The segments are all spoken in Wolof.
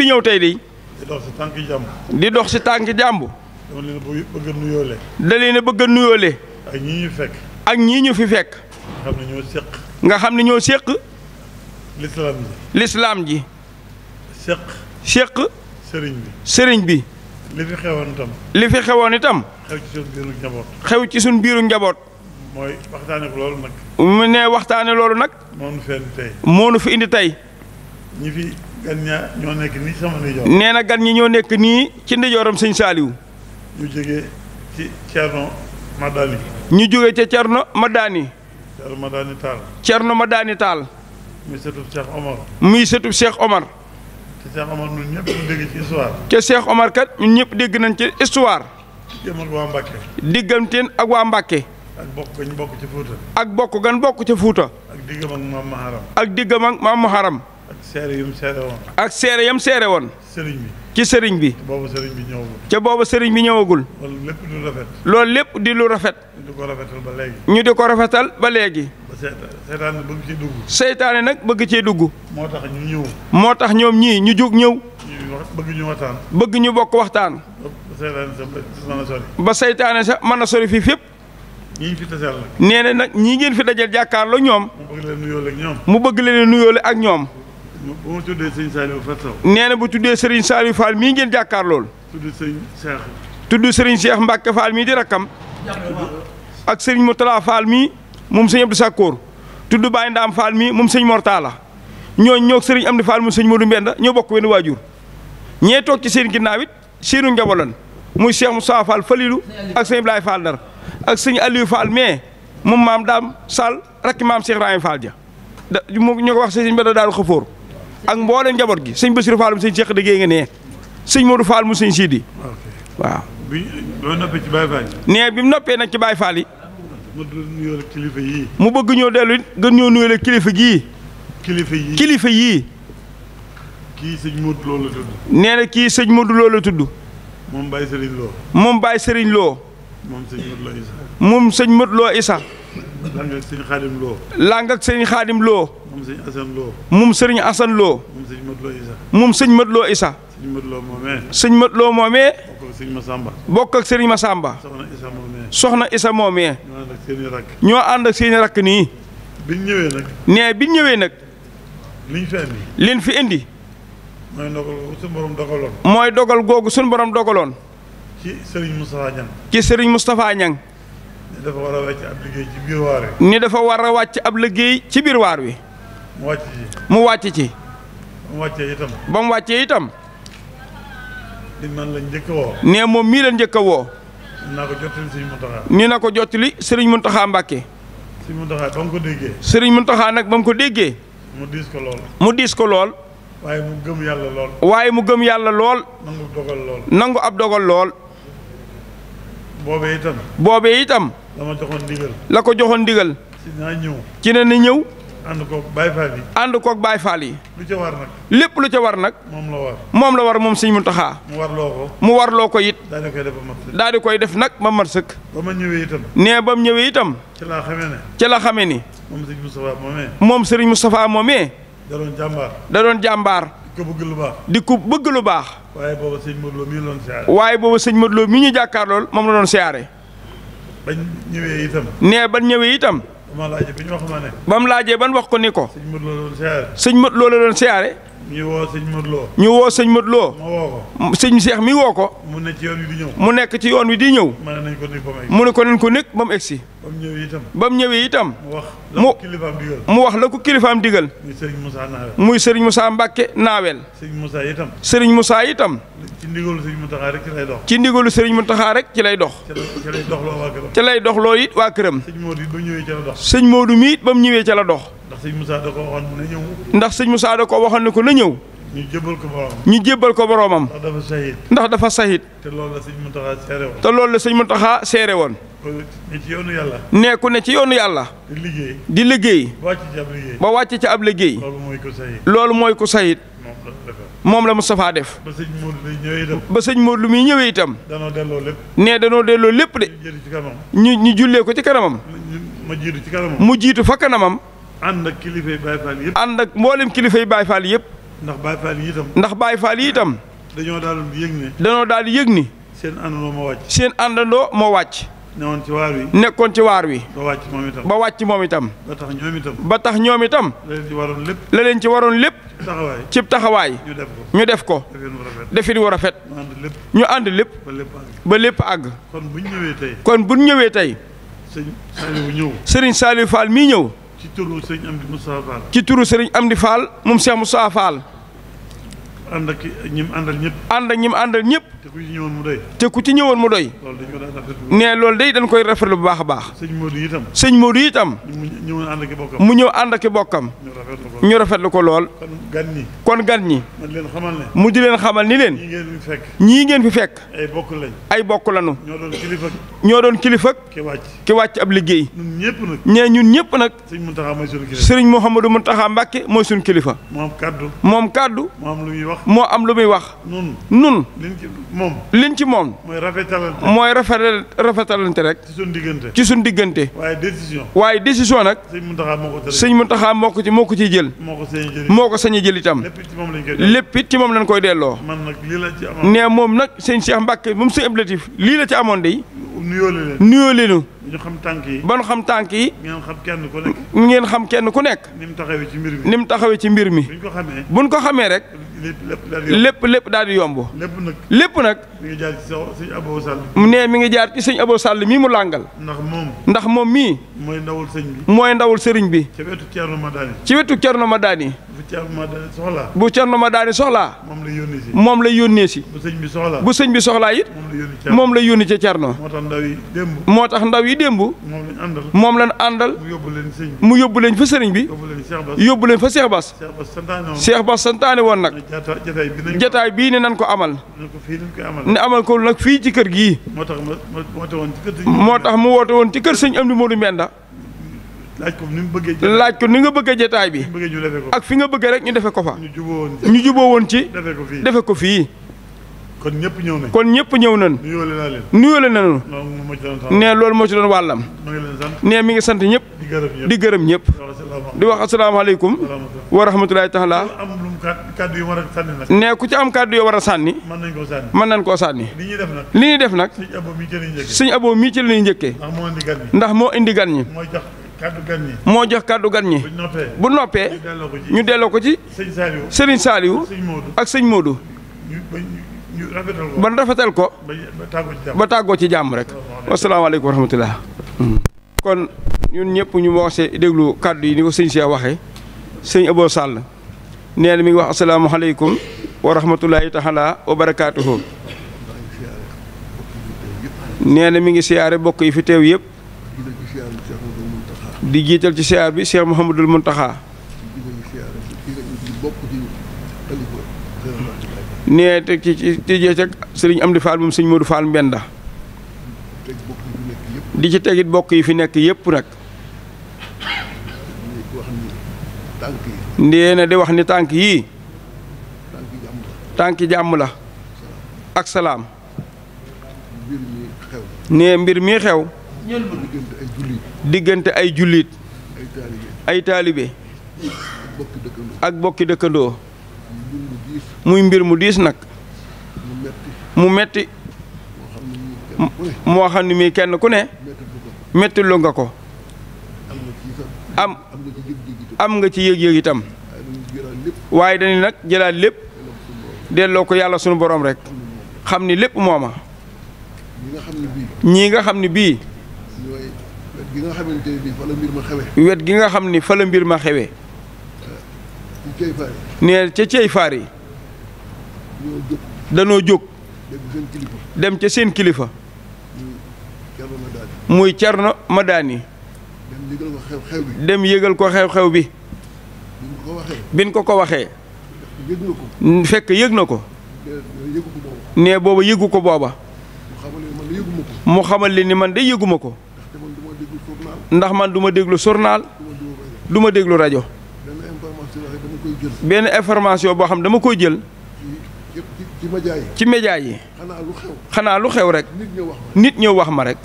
fi ñëw tey di. di dox si tànk si tànk jàmb. dama leen a nuyoole. da a bëgg fekk. ak ñii ñu fi fekk. nga xam nga xam ne ñoo séq. lislaam ji. lislaam ji. sëriñ bi sëriñ bi. li fi xewoon itam. li fi xewoon itam. xew ci suñu biiru njaboot. xew ci suñu biiru njaboot. mooy waxtaane ko loolu mu ne waxtaane loolu nag. moo nu fi tey. moo nu fi indi tey. gan ña ñoo nekk nii sama ndijoor. nee na gan ñi ñoo nekk nii ci ndijooram sëñ Saaliw. ñu jógee ci Cerno Madani. ñu jógee ca Cerno Madani. Cerno Madani Taal. Cerno Madani Taal. muy sëtub Cheikh Omar. muy sëtub Cheikh Omar. te Cheikh Omar ñun ñëpp ñu dégg ci histoire. te Cheikh Omar kat ñun ñëpp dégg nañ ci histoire. digganteen ak waa Mbàkke. digganteen ak waa Mbàkke. ak bokk gan bokk ci Fuuta. ak bokk gan bokk ca Fuuta. ak diggam ak maam Maharam. ak seere yam seere woon. ak seere yam seere woon. sëriñ bi ci sëriñ bi. te booba sëriñ bi ñëwagul. ca booba sëriñ bi ñëwagul. loolu lépp di lu rafet. loolu lépp di lu rafet. ñu di ko rafetal ba léegi. ñu di ko rafetal ba léegi. seytaane nag bëgg cee dugg. seytaane nag bëgg cee dugg. moo tax ñu moo tax ñoom ñii ñu jóg ñëw. bëgg ñu bëgg ñu bokk waxtaan. ba seytaane sa mën a sori fii fépp. ñii fi taseel nag. nee nag ñii ngeen fi dajal jàkkaarloo ñoom. mu bëgg leen nuyoole ak ñoom. bu ma tuddee sëñ Saliou Fall bu tuddee Serigne Saliou Fall mii ngeen jàkkaar lool. tudd sëñ Cheikh. tudd Serigne mii di rakkam. ak Serigne Moutala Fall mii moom sëñ Abdou Sakkoor. tudd Baye Ndam Fall mii moom sëñ Mortala ñooñu ñoo am Amdi Fall moom sëñ Modou Mbenda ñoo bokk wenn waajur. ñee toog ci seen ginnaaw it seenu njabolan muy Cheikh Moussa Fall Falilou ak sëñ Ibrahima Fall Ndar ak sëñ Aliou Fall mais moom maam daam Sall rakki maam Cheikh Ibrahima Fall ja da ko wax sëñ Mbenda daal xafoor ak mbooleem njaboot gi sëñ Bassirou Fall mu sëñ Cheikh dëggee nga nee sëñ Modou Fall mu sëñ Sidi noppee nee bi mu noppee nag ci Baye Fall yi. mu bëgg ñëw nuyoo kilifa yii. mu dellu it gën ñoo nuyoo kilifa gii. kilifa yii kii sëñ Modou Lo la tudd. nee na kii sëñ Modou Lo la tudd. moom Baye Serigne Lo. moom Baye Serigne sëñ Modou Lo Issa. moom sëñ sëñ Xaadim Lo. moom sëñ Assane Lo. moom sëriñ Assane Lo. moom sëñ Mat Lo Isa. moom sëñ Mat Lo Isa. sëñ Mat Lo moomee. sëñ Mat Lo moomee. bokk ak sëriñ Masamba. bokk ak sëriñ Masamba. soxna Isa moomee. soxna Isa moomee. ñoo ànd ak seeni rakk. ñoo ànd ak seeni rakk nii. bi ñu ñëwee nag. nee bi ñu ñëwee nag. liñ fi indi. liñ fi indi. mooy dogal googu suñu borom dogaloon. mooy dogal googu suñu borom dogaloon. ci sëriñ Moustapha Niang. ci sëriñ Moustapha Niang. ni dafa war a wàcc ab liggéey ci biir waar wi. ni dafa war a wàcc ab liggéey ci biir waar wi. mu wàcc ci. mu wàcce ci. ba mu wàccee itam. ba mu wàccee itam. ni man la njëkk a nee moom mii la njëkk a woo. nee naa ko jottali sëriñ Mountakha. nee na ko jottali sëriñ Mountakha Mbacke. sëriñ Mountakha ba mu ko déggee. sëriñ Mountakha nag ba mu ko déggee. mu diis ko lool. mu diis ko lool. waaye mu gëm yàlla lool. waaye mu gëm yàlla lool. nangu lool. nangu ab dogal lool. boobee itam. boobee itam. la ma joxoon ndigal. la ko joxoon ndigal. ci ci ne na ñëw. ànd koog Baye Fall yi. ànd koog Baye Fall yi. lu ca war nag. lépp lu ca war nag. moom la war moom la war moom sëñ Muntaxa. mu warloo ko. mu warloo ko it. daal di koy def daal di koy def nag ba mat sëkk. ma ñëwee itam. nee ba mu ñëwee itam. ci la xamee ne. ci la xamee ni. moom sëriñ Moustapha moomee. moom sëriñ Moustapha moomee. da doon jàmbaar. da doon jàmbaar. di ko bëgg lu baax. di ko bëgg lu baax. waaye booba sëñ Modou Lo mi waaye booba sëñ Modou mi ñu jàkkaarlool moom la doon siyaare. itam. nee ba ñëwee itam. ba mu laajee ban wax ko ni ko. sëñ mët loola doon siyaare. ñu woo sëñ Modou loo ñu woo sëñ Modou Lo. ma woo sëñ Seex mi woo ko. mu nekk ci yoon wi di ñëw. mu nekk ci yoon wi di ñëw. mën nañ ko mu egg. mu ne ko nañ ko nekk ba mu egg si. ba mu ñëwee itam. ba mu ñëwee itam. wax la ko kilifaam digal. mu wax la ko kilifaam digal. muy sëriñ Moussa Naawel. muy sëriñ Moussa Mbacke Naawel. sëriñ Moussa itam. sëriñ Moussa itam. ci ndigalu sëriñ Mountakha rek ci lay dox. ci ndigalu sëriñ Mountakha rek ci lay dox. ci lay dox loo waa këram. ci lay dox loo it waa këram. sëñ Modou it ba mu ñëwee ca la dox. ndax sëñ Moussa da ko waxoon na ñëw. ndax sëñ Moussa da ko waxoon ne ko na ñëw. ñu jébbal ko boroomam. ñu jébbal ko boroomam. ndax dafa sahid. ndax dafa sahid. te loolu la sëñ Mountakha seere te loolu la sëñ Mountakha seere woon. ne yàlla. ne ku ne ci yoonu yàlla. di liggéey. di liggéey. ba wàcc ci ab liggéey. loolu mooy ku sahid. loolu mooy ku sahid. moom la Moustapha def. ba sëñ Modou lu ba sëñ Modou lu muy ñëwee itam. danoo delloo nee danoo delloo lépp de. ñu ñu jullee ko ci kanamam. mu jiitu fa kanamam. ànd ak kilifa yi Fall yëpp. ànd ak mboolem kilifay Baye Fall yëpp. ndax Baye Fall yi itam. ndax Baye Fall yi itam. dañoo daal di dañoo daal di yëg ni. seen àndandoo moo wàcc. seen àndandoo moo wàcc. nekkoon ci waar wi. nekkoon ci waar wi. ba wàcc moom itam. ba wàcc moom itam. tax ñoom itam. ba tax ñoom itam. la leen ci waroon lépp. la leen taxawaay cib taxawaay. ñu def ko ñu def ko. defin wu rafet. ñu ànd lépp. ba lépp àgg. kon bu ñu ñëwee tey. kon bu ñëwee tey. sëriñ Saliou ñëw. sëriñ mii ñëw. ci turu sëriñ Amdi Moussa Fall. ci turu sëriñ Amdi Fall moom Cheikh Moussa Fall. ànd ak ñi mu àndal ñëpp. ànd ak ñi mu àndal ñëpp. te ku ci ñëwoon mu doy. te ku ci ñëwoon mu ne loolu day dañ koy rafet bu baax a baax. sëñ Modou itam. sëñ Modou itam. mu ñëw ànd ak bokkam. mu ñëw ànd ak bokkam. ñu rafetlu ko lool. kon gan ñi. kon gan ñi. mu di leen xamal ni leen. ñii ngeen fi fekk. ñii ngeen fi fekk. ay bokk lañ. ay bokk lañu. ñoo doon kilifa. ñoo doon kilifa. ki wàcc. ki wàcc ab liggéey. ñun ñëpp nag. ñee ñun ñëpp nag. sëñ Mouhamadou Mountakha Mbacké mooy suñu kilifa. moom kaddu. moom kaddu. moom lu muy wax. moo am lu muy wax. nun nun liñ ci moom. liñ ci moom. mooy rafetalante mooy rafetalante rek. ci suñ diggante ci suñ diggante. waaye décision. waaye décision nag. sëñ Mountakha moo ko sëñ Mountakha moo ko ci moo ko ciy jël. moo ko sañ jël moo ko sañ jël itam. lépp it ci moom lañ koy delloo. man nag lii la nee moom nag sëñ Cheikh Mbacke moom seen objectif lii la ci amoon de. nuyoo leen nuyoo ñu xam tànk yi. ba ñu xam tànk yi. ngeen xam kenn ku nekk. ngeen xam kenn ku nekk. ni mu taxawee ci mbir mi ni mu taxawee ci mbir mi. buñ ko xamee. buñ ko xamee rek. lépp lépp daal di yomb. lépp nag. lépp nag. mi ngi jaar ci sëñ Abo Sall. ne mi ngi jaar sëñ Abo Sall mii mu làngal. ndax moom. ndax moom mii. mooy ndawul sëñ bi. mooy ndawul sëriñ bi. ci wetu Thierno Madani. ma wetu Thierno Madani. bu Thierno Madani ma bu Thierno Madani soxlaa. moom lay yónnee si. moom lay yónnee si. bu sëñ bi soxlaa. bu sëñ bi soxlaa moom la yónni ca Thierno. moo tax ndaw yi moo tax ndaw yi démb. moom lañ àndal moom lañ àndal. mu yóbbu leen sëriñ bi mu yóbbu leen fa sëriñ bi. yóbbu leen fa Cheikh Bass. Cheikh Bass santaane woon nag. jataay bii ne nan ko amal. ne amal ko nag fii ci kër gii. moo tax mu woote woon ci kër sëñ Amdi Modou Mbenda. laaj ko ni mu bëggee laaj ko ni nga bëggee jataay bi. ak fi nga bëggee rek ñu defe ko fa. ñu juboo woon ci defe ko fii. kon ñëpp ñëw nañ. kon ñëpp ñëw nañ. nuyoo la leen. nuyoo la nañu. ne loolu moo ci doon wàllam. ne mi ngi sant ñëpp. di gërëm ñëpp. di wax asalaamaaleykum. wa rahmatulahi taala. ne ku ci am kàddu yoo war a sànni. mën nañ koo sànni. li ñuy def nag. suñu aboo mii ci la ñuy njëkkee. ndax moo indi gan ñi. moo jox kàddu gan ñi. bu noppee. ñu delloo ko ci. Serigne Saliou ak sëñ Modou. ñu rafetal ko ban rafetal ko. ba tàggoo ci jàmm rek. wasalaamaaleykum wa rahmatulah. Hmm. kon ñun ñëpp ñu waxee déglu kàddu yi ni ko sëñ Cheikh waxee sëñ Abo Sall nee mi ngi wax asalaamaaleykum wa rahmatulahi taala wa barakaatuhu. nee na mi ngi siyaare bokk yi fi teew yëpp. di jiital ci siyaar bi Cheikh Mouhamadul Mountakha. nee teg ci ci tijjee ci sëriñ Amdi Fall moom sëñ Modou di ci tegit bokk yi fi nekk yépp nag ndee na di wax ni tànk yii tànki jàmm la ak salaam nee mbir mi xew diggante ay jullit ay taalibe ak bokki dëkkandoo muy mbir mu diis nag mu metti moo xam ne mii kenn ku ne metti nga ko am am nga ci yëg-yëg itam waaye dañu nag jëlaat lépp delloo ko yàlla sunu boroom rek xam ni lépp mooma ñii nga xam ne bii wet gi nga xamante ni gi nga xam ni fa mbir ma xewe nee ca cey faar yi danoo jóg dem ca seen kilifa muy Cerno Madani dem yégal ko xew-xew bi biñ ko ko waxee fekk yég na ko ne booba yëgu ko booba mu xamal li ni man day yëguma ko ndax man duma déglu journal du ma déglu rajo benn information boo xam dama koy jël ci média yi ci média yi. xanaa lu xew. xanaa rek. nit ñëw wax ma nit ñëw wax ma rek.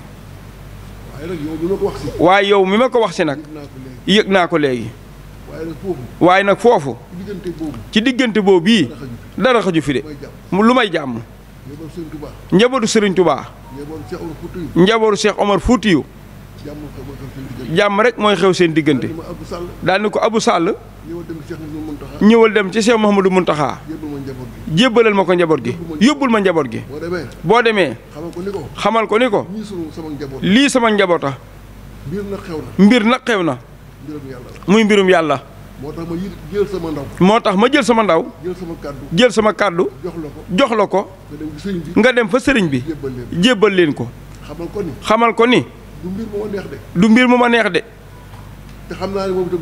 waaye nag yow mi ma ko wax si. nag. yëg naa ko léegi. waaye nag foofu. ci diggante boobu yi dara xaju fi de lu may jàmm. njabootu sëriñ Touba. njabootu Cheikh Omar Foutiyu. jàmm rek mooy xew seen diggante daal ni ko Abu Sall ñëwal dem ci Cheikh Mouhamadou Mountakha jébbalal ma ko njaboot gi yóbbul ma njaboot gi boo demee xamal ko ni ko lii sama njaboota mbir nag xew na muy mbirum yàlla moo tax ma jël sama ndaw. moo tax ma jël sama ndaw. jël sama kàddu jël sama kàddu. jox la ko jox la ko. nga dem fa sëriñ bi. jébbal leen ko. xamal ko ni. du mbir mu ma neex de. du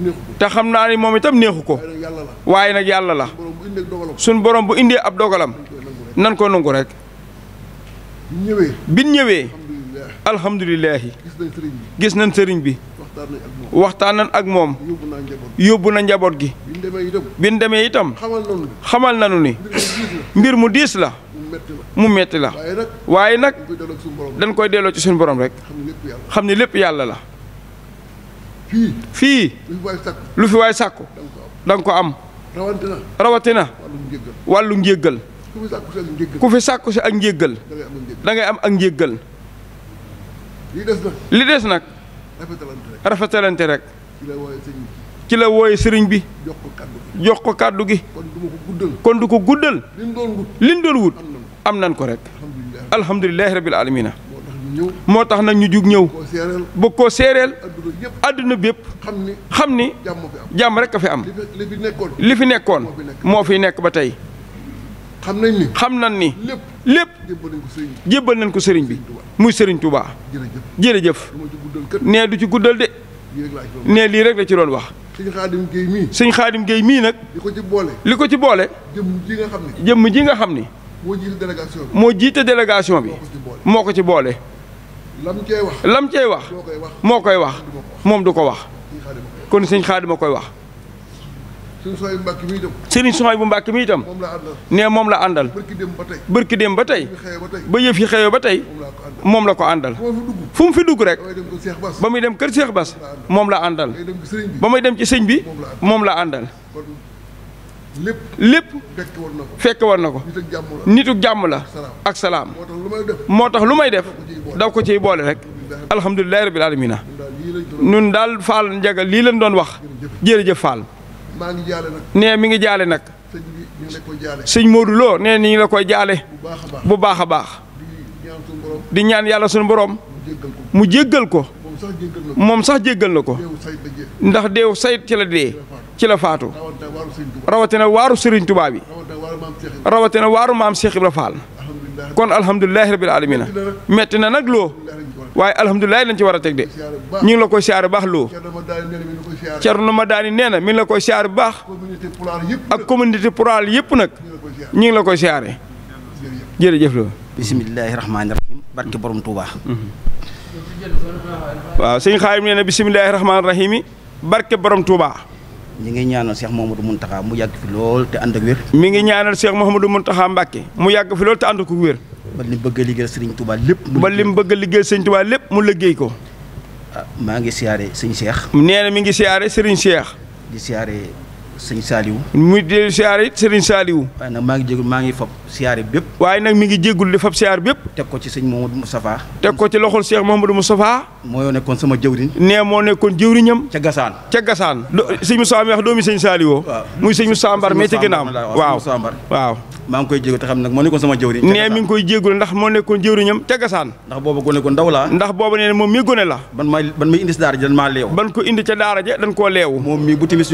mbir te xam naa ne moom itam neexu ko. te xam waaye nag yàlla la. suñ borom bu indee ab dogalam. nan ko nangu rek. ñëwee. bi ñëwee. alhamdulilahi gis nañ sëriñ bi. waxtaan nañ ak moom. yóbbu na njaboot gi. bi demee itam. xamal nañu ni. mbir mu diis la. mu metti la waaye nag dañ koy delloo ci suñu borom rek xam ni lépp yàlla la fii lu fi waay sàkku da nga ko am rawatina wàllu njéggal ku fi sàkku si ak njéggal dangay am ak njéggal li des nag rafetalante rek ci la wooye sëriñ bi jox ko kàddu gi kon du ko guddal kon doon wut am nan ko rek alhamdulilahi rabil alamina moo tax nag ñu jug ñëw ba koo séeréel àdduna bépp xam ni jàmm rek a fi am li fi nekkoon moo fi nekk ba tey xam nañ ni xam nañ ni lépp jébbal nañ ko sëriñ bi muy sëriñ Touba jërëjëf nee du ci guddal de nee lii rek la ci doon wax sëñ xaadim géey mii nag li ko ci boole li ko ci boole jëmm nga xam ni jëmm ji nga xam ni moo jiite délégation bi moo jiite délégation bi moo ko ci boole. lam cey wax lam cey wax moo koy wax moom du ko wax. kon sëñ Xaadima koy wax. sëriñ Soxay bu Mbàkke mi itam ne moom la àndal bërki dem ba tey ba yëf yi xëyoo ba tey moom la ko àndal fu mu fi dugg rek ba muy dem kër Seex Bas moom la àndal ba muy dem ci sëñ bi moom la àndal lépp lépp fekk war na ko nitu jàmm la ak salaam moo tax lu may def daw ko ciy boole rek alhamdulilahi rabil alamina nun daal faal njaga lii leen doon wax jërëjëf faal nee mi ngi jaale nag sëñ Modou Lo nee ni la koy jaale bu baax a baax di ñaan yàlla suñu boroom mu jéggal ko moom sax jéggal na ko ndax deew sayt ci la dee ci la faatu rawatina waaru Serigne Touba bi rawatina waaru maam Cheikh Ibra kon alhamdulilahi rabil alamina metti na nag loo waaye alhamdulilahi lañ ci war a teg de ñu la koy siyaar baax loo Cerno ma daani nee na mi ngi la koy siyaar bu baax ak communauté pulaar yëpp nag ñu ngi la koy siyaare jërëjëf loo bisimilahi rahmaani rahim barke borom Touba waaw sëñ Xaarim ñi ngi ñaanal Cheikh Mouhamadou Mountakha mu yàgg fi lool te ànd ak wér. mi ngi ñaanal Cheikh Mouhamadou taxa Mbacké mu yàgg fi lool te ànd ak wér. ba li mu bëgg a liggéeyal Serigne Touba lépp. ba li mu bëgg a liggéeyal Serigne lépp mu liggéey ko. Ah, maa ngi siyaare Serigne Cheikh. nee na mi ngi siyaare Serigne Cheikh. di siyaare sëñ Saliou. muy dellu siyaar it sëriñ Saliou. waaye nag maa ngi jégalu maa ngi fab siyaar bépp. waaye nag mi ngi jégalu di fab siyaar bépp. teg ko ci sëñ Mouhamadou Moustapha. teg ko ci loxol Cheikh Mouhamadou Moustapha. moo nekkoon sama jëwriñ. nee moo nekkoon jëwriñam. ca Gasaan ca Gasaan. sëñ Moustapha mi wax doomi sëñ Saliou. waaw muy sëñ Moustapha Mbar mais ca ginnaaw waaw waaw. maa ngi koy jégalu te xam nag moo nekkoon sama jëwriñ nee mi ngi koy ca gasaan ndax booba gone ko ndaw laa ndax booba nee moom mii gone la ban may ban may indi dan maa leew moom mii bu timis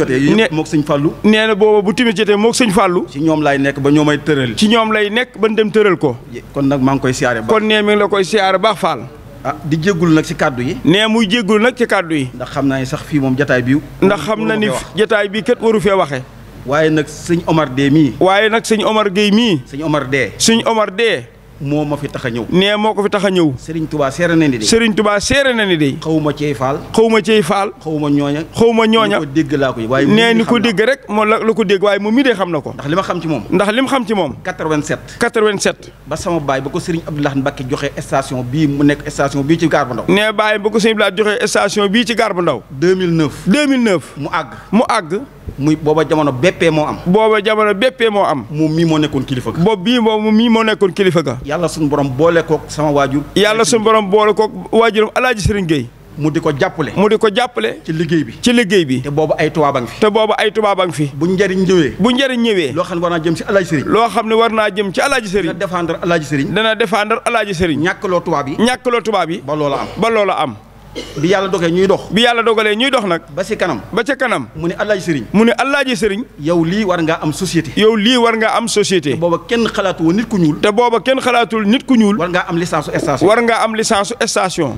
Fallou. nee na booba bu timis jotee moog sëñ Fallou. ci ñoom lay nekk ba ñoo ñoomay tëral. ci ñoom lay nekk ba dem tëral ko. kon nag maa ngi koy siyaare baax. kon nee mi la koy siyaare baax Fall. ah di jéggul nag ci kàddu yi. nee muy jéggul nag ci kàddu yi. ndax xam naa ni sax fii moom jataay bi. ndax xam na ni jataay bi kat waru fee waxee. waaye nag sëñ Omar Dee mii. waaye nag sëñ Omar Gueye mii. sëñ Omar Dee. sëñ Omar Dee. moo ma fi tax a ñëw. nee moo ko fi tax a ñëw. Serigne Touba seere na ni de. Serigne Touba seere na ni de. xaw ma cee faal. xaw ma cee faal. xaw ma ñooña. xaw ma ñooña ni dégg laa ko waaye. nee ni ko dégg rek moo la ko dégg waaye mu mii de xam na ko. ndax li ma xam ci moom. ndax li mu xam ci moom. 87. 87. ba sama baay ba ko Serigne Abdoulaye Mbacke joxe station bii mu nekk station bii ci gaar bu ndaw. nee baay ba ko Serigne joxe station bii ci gaar bu ndaw. 2009. mu àgg. mu àgg. muy booba jamono béppee moo am. booba jamono béppee moo am. moom mii moo nekkoon kilifa ga. boobu bii moom mii moo nekkoon kilifa yàlla suñu borom boole kook sama waajur. yàlla suñu borom boole kook waajuram alaaji sëriñ Gueye. mu di ko jàppale. mu di ko jàppale. ci liggéey bi ci liggéey bi. te boobu ay tubaaba ngi fi. te boobu ay tubaaba ngi fi. bu njëriñ ñëwee. bu njëriñ ñëwee. loo xam ne war naa jëm ci alaaji Serigne. loo xam ne war naa jëm ci alaaji Serigne. dana défendre alaaji Serigne. dana défendre alaaji Serigne. ñàkkaloo tubaab yi. ñàkkaloo tubaab yi. ba loola am ba loola am. bi yàlla dogee ñuy dox bi yàlla dogalee ñuy dox nag ba ci kanam ba ca kanam mu ne allaaji sëriñ mu ne allaaji sëriñ yow lii war ngaa am société yow lii war ngaa am société booba kenn xalaatu woon nit ku ñuul te booba kenn xalaatul nit ku ñuul war ngaa am licence station war ngaa am licence station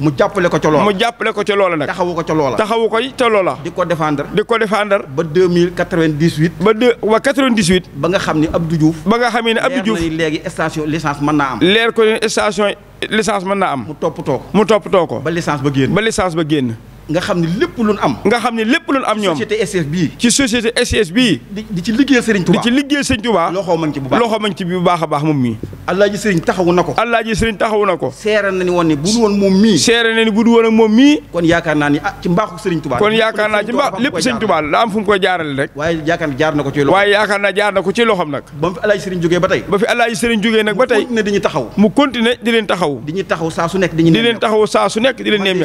mu jàppale ko ca loola mu jàppale ko ca loola taxawu ko ca loola. taxawu ko ca loola. di ko défendre. di ko défendre. ba deux mille quatre vingt dix huit. ba deux ba quatre vingt dix huit. ba nga xam ni Abdou Diouf. ba nga xam ne Abdou Diouf leer na ni léegi station licence mën naa am. leer ko station licence mën naa am. mu toppatoo ko mu toppatoo ko. ba licence ba génn ba licence ba génn. nga xam ne lépp lu am. nga xam ne lépp lu am ñoom société SES ci société SES bii. di di ci liggéeyal Serigne Touba di ci liggéeyal Serigne Touba. loxo mën ci bu ci bu baax a baax moom mii. Alaaji taxawu na ko. Alaaji Serigne taxawu na ko. seere na ni bu dul woon moom mii. seere bu dul woon ak kon yaakaar naa ni ah ci mbaaxu Serigne Touba. kon yaakaar naa ci mbaax lépp Serigne Touba la am fu koy jaarale rek. waaye yaakaar naa jaar na ko ci loxo. waaye yaakaar naa jaar na ko ci loxoom nag. ba mu fi Alaaji Serigne jógee ba tey. ba fi Alaaji Serigne jógee nag ba tey. mu taxaw. mu continué di taxaw. di taxaw saa su nekk di ñu. di leen su nekk di leen neem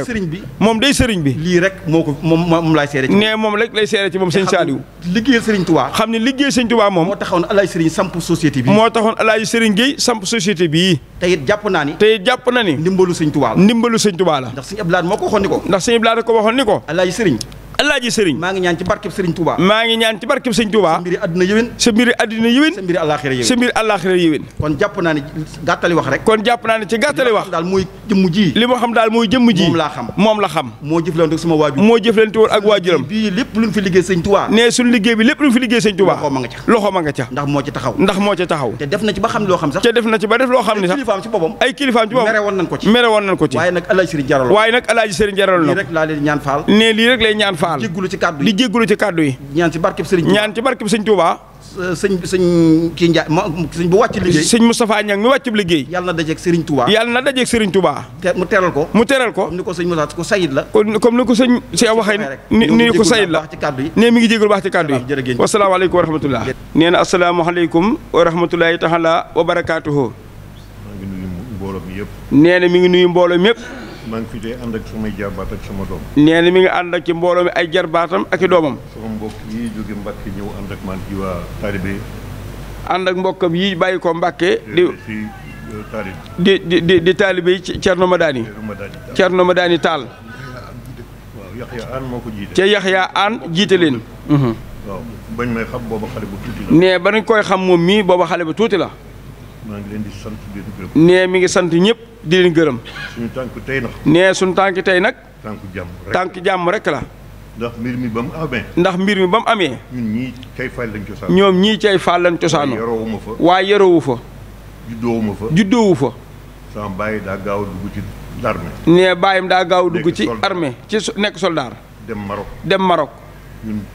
moom day sëriñ bi lii rek moo ko moom moom laay seere ci nee moom rek lay seere ci moom sëñ Saliou liggéeyal sëriñ Touba xam ne liggéey sëñ Touba moom moo taxoon Alaaji Sëriñ samp société bi moo taxoon Alaaji Sëriñ Guèye samp société bii te it jàpp naa ni te jàpp na ni ndimbalu sëñ Touba la ndimbalu sëñ Touba la ndax sëñ Abdoulaye moo ko waxoon ko ndax sëñ Abdoulaye ko waxoon ni ko Alaaji Sëriñ alaaji maa ngi ñaan ci barkeb sëriñ Touba maa ngi ñaan ci barkeb sëriñ Touba sa mbiri àddina yëwén sa mbiri àddina yëwén sa kon jàpp naa ne gàttali wax rek kon jàpp naa ci gàttali wax daal li ma xam daal mooy jëmm ji moom la xam moo jëflante ak sama waajur moo jëflante ak waajuram bii lépp liggéey bi lépp luñ fi liggéey sëriñ Touba loxo ma nga ca ndax moo ci taxaw ndax moo ci taxaw te def na ci ba xam loo xam sax te def loo xam ne sax ay kilifaam ci boppam mere woon nañ ko ci waaye nag alaaji Fall jéggulu ci kàddu yi di jéggulu ci kàddu yi. ñaan ci barkeb ñaan ci barkeb Serigne Touba. sëñ euh, sëñ kii Ndiaye ma sëñ bu wàcc liggéey sëñ Moustapha Niang mi wàcc liggéey yàlla na dajeeg Serigne Touba yàlla na dajeeg Serigne Touba mu teral ko mu teral ko comme ni ko sëñ Moussa ko sayid la comme ni ko sëñ si waxee ni ni ko sayid la ne mi ngi jégalu baax ci kàddu yi wasalaamaaleykum wa rahmatullah nee na asalaamaaleykum wa rahmatulahi taala wa barakaatuhu nee na mi ngi nuyu mbooloo mi maa ngi fi dee ànd ak samay jarbaat ak sama doom. nee mi ngi ànd ak ci mbooloo mi ay jarbaatam ak i doomam. sama mbokk yi jóge Mbàkke ànd ak mbokkam yi bàyyi ko Mbàkke di di di di di taalibe yi Cerno Madani. Cerno Madani Taal. waaw Yaxya Aan moo ko jiite. ca Yaxya Aan jiite leen. xam booba nee ba nañ koy xam moom mii booba xale bu tuuti la. maa ngi leen di sant di nee mi ngi sant ñëpp di leen gërëm. suñu tànk tey nag. nee suñu tànk tey nag. tànk jàmm rek tànk jàmm rek la. ndax mbir mi ba mu amee. ndax mbir mi ba mu amee. ñun ñii cay faal lañ ñoom ñii cay faal lañ cosaanu. waaye yaroowu ma fa. waaye yaroowu fa. juddoowu fa. juddoowu bàyyi daa gaaw a dugg ci nee bàyyam daa gaaw a dugg ci armée ci nekk soldaar. dem Maroc. dem Maroc.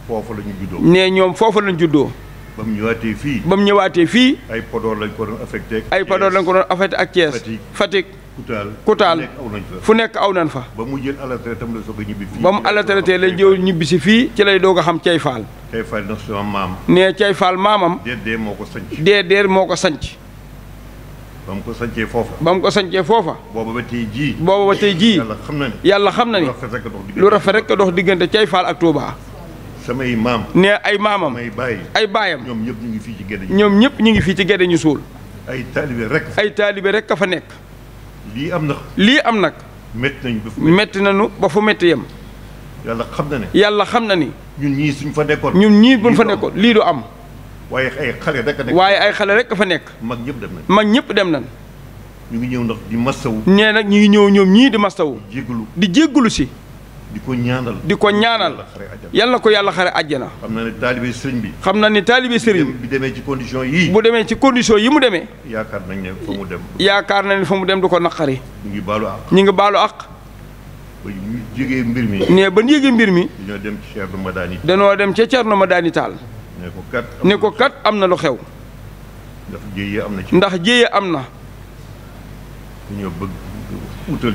foofu la ñu juddoo. nee ñoom foofu la juddoo. ba mu ñëwaatee fii. ba ñëwaatee fii. ay Podor lañ ko doon affecté. ay Podor lañ ko doon ak Thiès Fatick Fatick. Kutaal fu nekk aw nañ fa. ba mu jël à la retraite tam la soog a ñibbi fii. ba mu à fii ci lay doog a xam Cay Faal. Cay Faal na sama maam. nee Cay Faal maamam. déedéer moo ko sanc. déedéer moo ko sañc ba mu ko sancee foofa. ba mu ko sancee foofa. booba ba tey jii. booba ba tey jii yàlla xam na ni. yàlla xam na ni lu rafet rek dox diggante Cay Faal ak Touba. samay maam. ne ay maamam. ay baayam ay baayam. ñoom ñëpp ñu ngi fii ci Gede ñu. ñoom ñëpp ñu ngi fii ci Gede ñu suul. ay taalibe rek. ay taalibe rek ka fa nekk. lii am nag. lii am nag. métti nañu ba fu métti nañu ba fu métti yàlla xam na ne. yàlla xam na ni. ñun ñii suñ fa nekkoon. ñun ñii buñ fa nekkoon lii du am. waaye ay xale rek a waaye ay xale rek a fa nekk. mag ñëpp dem nañ. mag ñëpp dem nañ. ñu ngi ñëw nag di masawu. nee nag ñu ngi ñëw ñoom ñii di masawu. di jégalu si di ko ñaanal di ko ñaanal yal na ko yàlla xare àjjana xam na ne taalibe sëriñ bi xam na ne taalibe sëriñ bi bu demee ci condition yii bu demee ci condition yi mu demee yaakaar nañ ne fa mu dem yaakaar nañ ne fa mu dem du ko naqari ñu ngi baalu àq ñu ngi baalu àq ba mbir mi ne ba ñu mbir mi dañoo dem ci Cerno Madani dañoo dem ca Cerno Madani Taal ne ko kat ne ko kat am na lu xew ndax jéye am na ci ndax jéye am na dañoo bëgg nga wutal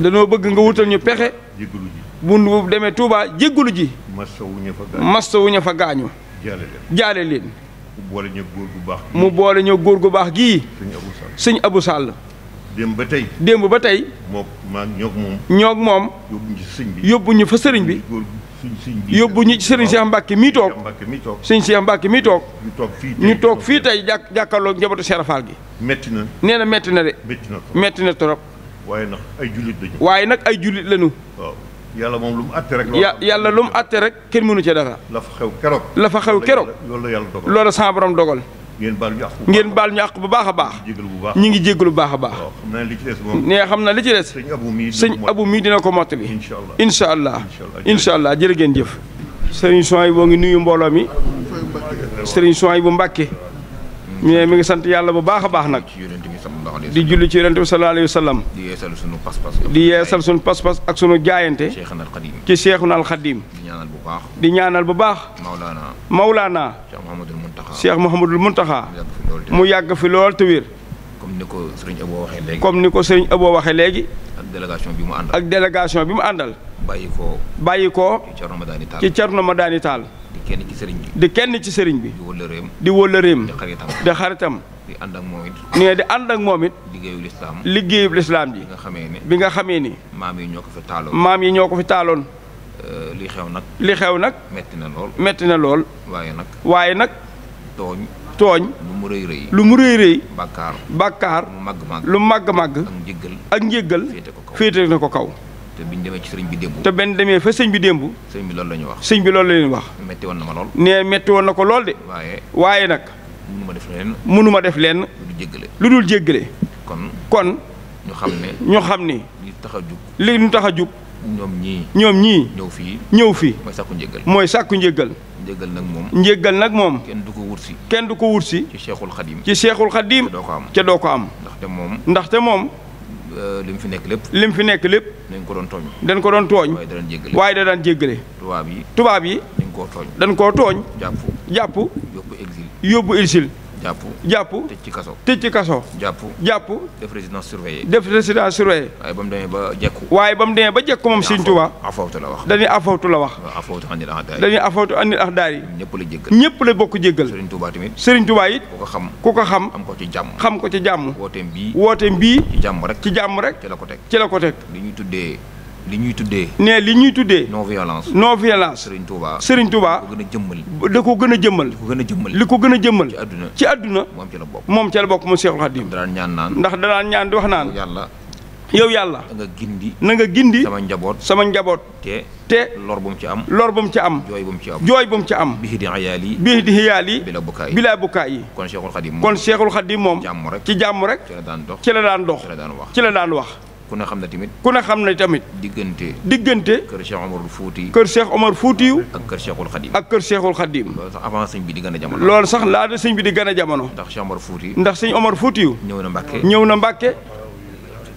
dañoo bëgg nga wutal ñu pexe jéggalu bu nu demee Touba jéggalu ji. masawuñu fa gaañu masawuñu fa gaañu. jaale leen leen. mu boole ñu góor gu baax. mu boole ñu góor gu baax gii. sëñ Abou Sall. démb ba tey. démb ba tey. moom maa ñoog moom. ñoog moom. sëñ bi yóbbuñu fa sëriñ bi. yóbbuñu ci sëriñ Cheikh Mbacke mi toog. sëñ Cheikh Mbacke mi toog. ñu toog fii tey jàkkaarloo njabootu Cheikh Fall gi. metti na nee na metti na de. metti na trop. waaye nag ay jullit lañu. waaye nag ay jullit lañu. waaw yàlla moom lu mu àtte rek. yàlla lu mu àtte rek kenn mënu ca dara. la fa xew keroog. la fa xew keroog loolu la yàlla dogal loolu sama borom ngeen baal ñu àq bu baax ngeen baal ñu àq bu baax a baax. ñu ngi jégalu bu baax a baax. nee xam na li ci des. sëñ abu mii sëñ abu mii dina ko mottali. incha allah incha allah jërë ngeen jëf. sëriñ Souhaïbou boo ngi nuyu mbooloo mi. sëriñ Souhaïbou bu Mbàkke mais mi ngi sant yàlla bu baax a baax nag. di julli ci yonente bi sallallahu alayhi wa sallam. di yeesal sunu pas-pas. di yeesal sunu pas-pas ak sunu jaayante. ci Cheikhuna al Xadim. di ñaanal bu baax. di ñaanal bu baax. Maulana. Maulana. Cheikh Mouhamadul Muntaxa. Cheikh Mouhamadul Muntaxa. mu yàgg fi lool te wér. comme ni ko sëriñ Abo waxee léegi. comme ni ko sëriñ Abo waxee léegi. ak délégation bi mu àndal. ak délégation bi mu àndal. bàyyi ko. bàyyi ko ci Thierno Madani Tall ci Thierno Madani Tall. di kenn ci sëriñ bi. di kenn ci sëriñ bi. di wëllëreem. di wëllëreem. di xaritam di xaritam. di ànd ak moom it. nee di ànd ak moom it. liggéeyu lislaam liggéeyu lislaam bi. nga xamee ni bi nga xamee ni. maam yi ñoo ko fi taaloon. maam yi ñoo ko fi taaloon. Euh, li xew nag. li xew nag. metti na lool metti na lool. waaye nag. waaye nag. tooñ lu mu rëy rëy bàkkaar lu màgg màgg ak njéggal féete na ko kaw te biñ demee ci sëriñ bi démb te benn demee fa sëñ bi démb sëñ bi loolu la ñu wax sëñ bi loolu la wax metti na ma lool nee metti woon na ko lool de waaye nag mënuma def lenn mënuma def lenn lu dul jéggale kon kon ñu xam ne ñu xam ne li ñu tax a jug ñoom ñii. ñoom ñii. ñëw fii. ñëw fii. mooy sàkku njëggal. mooy sàkku njëggal. njëggal nag moom. njëggal nag moom. kenn du ko wut si. kenn du ko wut si. ci Cheikhul Khadim. ci Cheikhul Khadim. ca doo ko am ca doo ko am. ndaxte moom. ndaxte moom. Euh, lim fi nekk lépp. lim fi nekk lépp. dañ ko doon tooñ. dañ ko doon tooñ. waaye da daan jéggale. waaye da daan jéggale. tubaab yi. tubaab yi. dañ koo tooñ. dañ koo tooñ. jàpp. jàpp. yóbbu exil. yóbbu exil. jàpp jàpp. tëj ci kaso tëj ci kaso. jàpp jàpp. def résidence surveillée. def résidence surveillée. waaye ba mu demee ba jekku. waaye ba mu demee ba jekku moom Sëriñ Tuubaa. afawtu la wax dañuy afawtu la wax. afawtu andil ax daari dañuy afawtu andil ax daari. ñëpp la jéggal ñëpp la bokk jéggal. Sëriñ Tuubaa tamit Sëriñ Tuubaa it. ku ko xam ku xam. am ko ci jàmm xam ko ci jàmm. wooteem bii wooteem bii. ci jàmm rek ci jàmm rek. ci la ko teg ci la ko teg. li ñu tuddee li ñuy tuddee. nee li ñuy tuddee. non violence. non violence Serigne Touba. Serigne Touba da ko gën a jëmmal. da ko gën a jëmmal. li ko gën a jëmmal. ci àdduna ci àdduna. moom ci la bokk moom ci la bokk moom Cheikhul Khadim. danaan naan ndax danaan ñaan di wax naan. yàlla yow yàlla. na nga gindi. na nga gindi sama njaboot. sama njaboot te. te lor bu ci am. lor bu mu ci am. jooy bu mu ci am jooy bu mu ci am. bii di xayaal yi. bii di xayaal bila bukkaay yi bila kon Cheikhul Khadim moom ci jàmm rek ci la daan dox ci la daan dox. ci la daan wax ku ne xam na tamit. ku ne xam na tamit. diggante. diggante. kër Cheikh Omar fuuti kër Cheikh Omar Foutiou. ak kër Cheikhul Khadim. ak kër Cheikhul Khadim. loolu sax avant sëñ bi di gën a jamono. loolu sax laata sëñ bi di gën a jamono. ndax Cheikh Omar Fouti. ndax sëñ Omar Foutiou. ñëw na Mbacke. ñëw na Mbacke.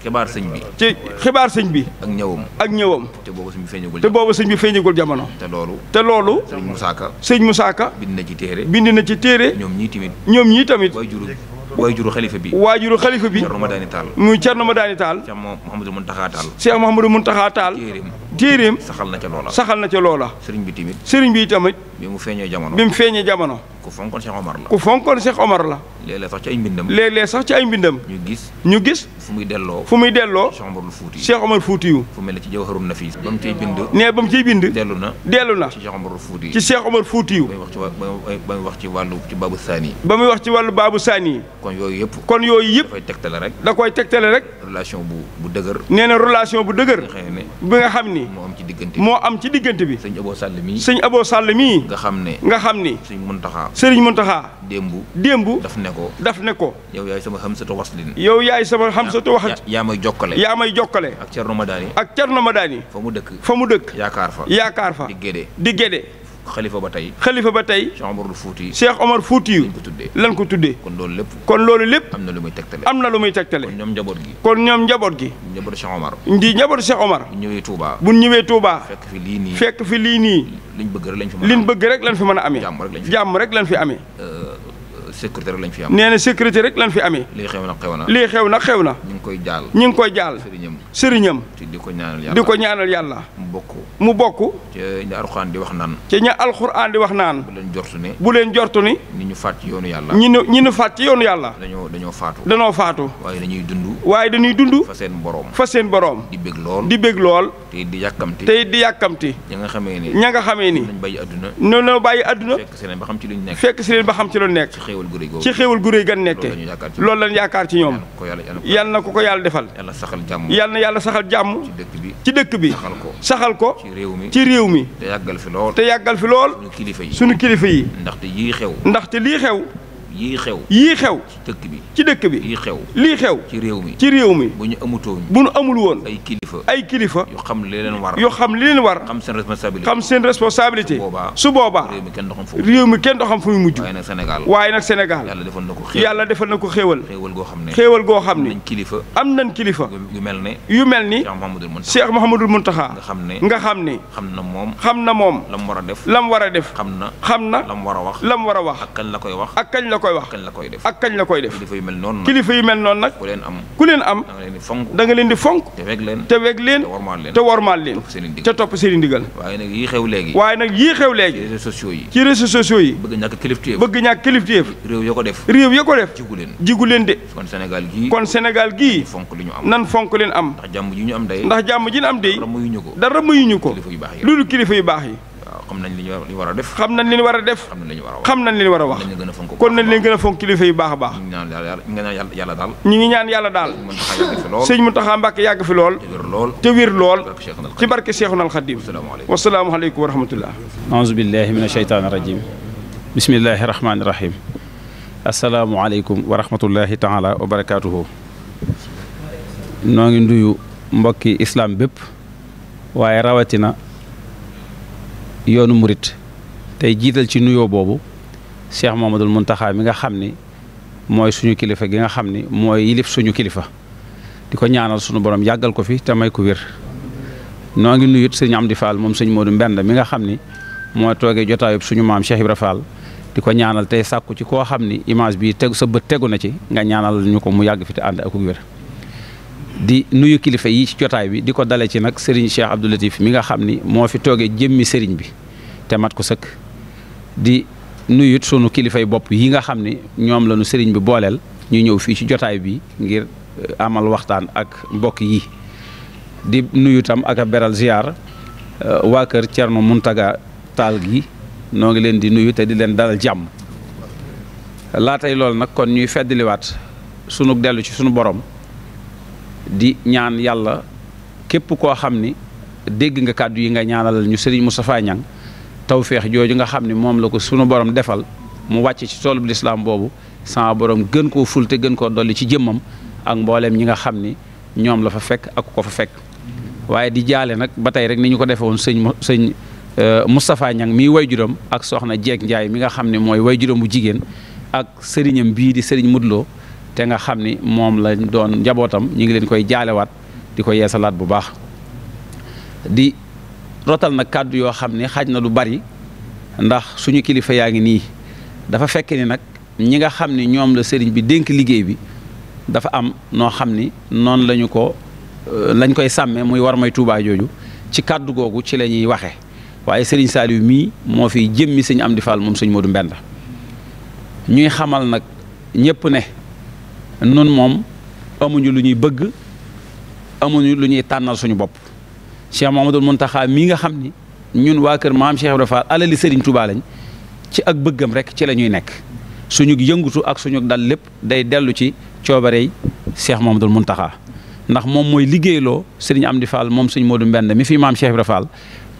xibaar sëñ bi. ci xibaar sëñ bi. ak ñëwam. ak ñëwam. te boobu sëñ bi feeñagul. te boobu sëñ bi feeñagul jamono. te loolu. te loolu. sëñ Moussa Ka. sëñ Moussa Ka. bind na ci téere. bind na ci téere. ñoom ñii tamit. ñoom ñii tamit. way juru waajuru xalifa bi waajuru xalifa bi Cerno Madani Taal muy Cerno Madani Taal Cheikh Mouhamadou Mountakha Taal Cheikh Mouhamadou Mountakha Taal téeréem saxal na ca loola saxal na ca loola sëriñ bi tamit sëriñ bi tamit bi mu feeñee jamono bi mu feeñee jamono ku fonkoon Cheikh Omar la ku fonkoon Cheikh Omar la léeg-léeg sax ci ay mbindam léeg-léeg sax ci ay mbindam ñu gis ñu gis fu muy delloo fu muy delloo Cheikh Omar Fuuti Omar Fuuti fu mel ne ci Jawharun Nafis ba mu ciy bind nee ba mu ciy bind dellu na dellu na ci Cheikh Omar Fuuti ci ba muy wax ci wàllu ci baabu saani ba muy wax ci wàllu baabu saani kon yooyu yëpp kon yooyu yëpp da koy tegtale rek da koy tegtale rek relation bu bu dëgër nee na relation bu dëgër bi nga xam ni moo am ci diggante bi moo am ci diggante bi. sëñ Abo Sall mii. sëñ Abo Sall mii. nga xam ne. nga xam ni. sëñ Muntaxa. sëriñ Muntaxa. démb. démb. daf ne ko. daf ne ko. yow yaay sama xamsatu waslin. yow yaay sama xamsatu wax. yaa may jokkale. yaa may jokkale. ak Cerno daani ak Cerno Madani. fa mu dëkk. fa mu dëkk. yaakaar fa. yaakaar fa. di Gédé. xalifa ba tey xalifa ba tey Cheikh Omarul Fuuti Omar Fuuti yu lan ko tuddee kon loolu lépp kon loolu lépp am na lu muy tegtale am na lu muy tegtale kon ñoom njaboot gi kon ñoom njaboot gi njaboot Cheikh Omar ndi njaboot Cheikh Omar bu ñëwee Touba bu ñëwee Touba fekk fi lii nii fekk fi lii nii liñ bëgg rek lañ fi mën a liñ bëgg rek lañ fi mën a amee jàmm rek lañ fi amee euh, sécurité rek lañ fi am nee sécurité rek lañ fi amee lii xew na xew na lii xew na xew na ñu ngi koy jaal ñu ngi koy jaal sëriñam sëriñam di ko ñaanal yàlla di ko ñaanal yàlla mu bokk mu bokk ca ña alxuraan di wax naan ca ña alxuraan di wax naan bu leen jortu ni bu leen jortu ni ñi ñu faat ci yoonu yàlla ñi ñu ñi ñu faat ci yoonu yàlla dañoo dañoo faatu dañoo faatu waaye dañuy dund waaye dañuy dund fa seen borom fa seen borom di bég lool di bég lool di yàkkamti te di yàkkamti ña nga xamee ni ña nga xamee ni bàyyi adduna noonu bàyyi adduna fekk si leen ba xam ci luñ nekk fekk si ci xéewal gu réy gan nekke loolu lañ yaakaar ci ñoom yal na ko ko yàlla defal yal na yàlla saxal jàmm ci dëkk bi saxal ko ci réew mi te yàggal fi lool suñu kilifa yi ndax ndaxte lii xew yii xew yii xew ci dëkk bi ci dëkk bi xew lii xew ci réew mi ci réew mi bu ñu amutoon bu ñu amul woon ay kilifa ay kilifa yu xam li leen war yoo xam li leen war xam seen responsabilité xam seen responsabilité su boobaa réew mi kenn doo xam fu mu mujj waaye nag Sénégal waaye nag Sénégal yàlla defal na ko xéewal yàlla defal na ko xéewal xéewal goo xam ne xéewal goo xam ne kilifa am nañ kilifa yu mel ne yu mel ni Cheikh Mouhamadoul Mountakha nga xam ne nga xam ni xam na moom xam na moom lam war a def lam war a def xam na xam na lam war a wax la mu war a wax ak kañ la koy wax ak kañ la la koy wax. kañ la koy def ak kañ la koy def. kilifa yu mel noon nag kilifa mel noonu nag. ku leen am ku leen am. da nga nga leen di fonk. te weg leen te weg leen. te wormaal leen te wormaal leen. topp seen i ndigal. waaye nag yii xew léegi. waaye nag yii xew léegi. ci réseaux sociaux yi. ci réseaux sociaux yi. bëgg ñàkk kilifteef bëgg ñàkk kilifteef. réew ya ko réew ko def. jigu leen jigu leen de. kon Sénégal gii. kon Sénégal gii. fonk li ñu am nan fonk leen am. ndax jàmm ñu am day. ndax jàmm ji ñu am day. dara mayuñu ko dara mayuñu ko. kilifa yu baax yi xam nañ li ñu war a def xam nañ li ñu war a def xam nañ li ñu war a wax xam nañ li ñu war a wax kon nañ leen gën a fonk kilifa yi baax a baax ñu ngi ñaan yàlla daal ñu ngi ñaan yàlla daal sëñ Muntaxa Mbàkke yàgg fi lool te wér lool ci barke Seexunal Xadiim wasalaamu aleykum wa rahmatullah aouzu billahi min asheytaani rajim bismillahi rahmaani rahim asalaamualeykum wa rahmatullahi taala wa barakaatuhu noo ngi nduyu mbokki islam bépp waaye rawatina yoonu murit tey jiital ci nuyoo boobu Cheikh Mamadul Muntaxa mi nga xam ni mooy suñu kilifa gi nga xam ni mooy yilif suñu kilifa di ko ñaanal suñu borom yàggal ko fi te may ko wér noo ngi nuyut sëñ di Fall moom sëñ Modou Mbend mi nga xam ni moo toogee jotaayub suñu maam Cheikh Ibra Fall di ko ñaanal tey sàkku ci koo xam ni image bii tegu sa bët tegu na ci nga ñaanal ñu ko mu yàgg fi te ànd ak wér di nuyu kilifa yi ci jotaay bi di ko dale ci nag Serigne Cheikh Abdou mi nga xam ni moo fi toogee jëmmi sëriñ bi te mat ko sëkk di nuyut sunu kilifay bopp yi nga xam ni ñoom la sëriñ Serigne bi booleel ñu ñëw fii ci jotaay bi ngir eh, amal waxtaan ak mbokk yi. di nuyu tam ak a beral ziar eh, waa kër Thierno muntaga Tall gi noo ngi leen di nuyu te di leen dalal jàmm laa tey loolu nag kon ñuy feddliwaat sunu dellu ci sunu borom. di ñaan yàlla képp koo xam ni dégg nga kàddu yi nga ñaanalal ñu Serigne Moustapha Niang tawféex jooju nga xam ni moom la ko sunu borom defal mu wàcc ci toolub lislaam boobu sama borom gën koo ful te gën koo dolli ci jëmmam ak mbooleem ñi nga xam ni ñoom la fa fekk ak ko fa fekk waaye di jaale nag ba tey rek ni ñu ko defee woon sëñ sëñ euh, Moustapha Niang mii juróom ak soxna Jeeg Njaay mi nga xam ne mooy juróom bu jigéen ak sëriñam bii di sëriñ Mudloo te nga xam ni moom lañ doon njabootam ñu ngi leen koy jaalewaat di ko yeesalaat bu baax di rotal nag kàddu yoo xam ne xaj na du bari ndax suñu kilifa yaa ngi nii dafa fekk ni nag ñi nga xam ni ñoom la sëriñ bi dénk liggéey bi dafa am noo xam ni noonu lañu ko euh, lañ koy sàmmee muy war may Tuubaa jooju ci kàddu googu ci la ñuy waxe waaye sëriñ Saliou mii moo fi jëmmi sëñ Amdi Fall moom sëñ Modou Mbenda ñuy xamal nag ñëpp ne nun moom amuñu lu ñuy bëgg amuñu lu ñuy tànnal suñu bopp Cheikh Mamadou Muntaxa mii nga xam ni ñun waa kër maam Cheikh Ibra Fall alali Serigne Touba lañ ci ak bëggam rek ci la ñuy nekk suñu yëngutu ak suñu dal lépp day dellu ci coobarey Cheikh Mamadou Muntaxa ndax moom mooy liggéeyloo am di Fall moom Serigne Modou Mbend mi fi maam Cheikh Ibra Fall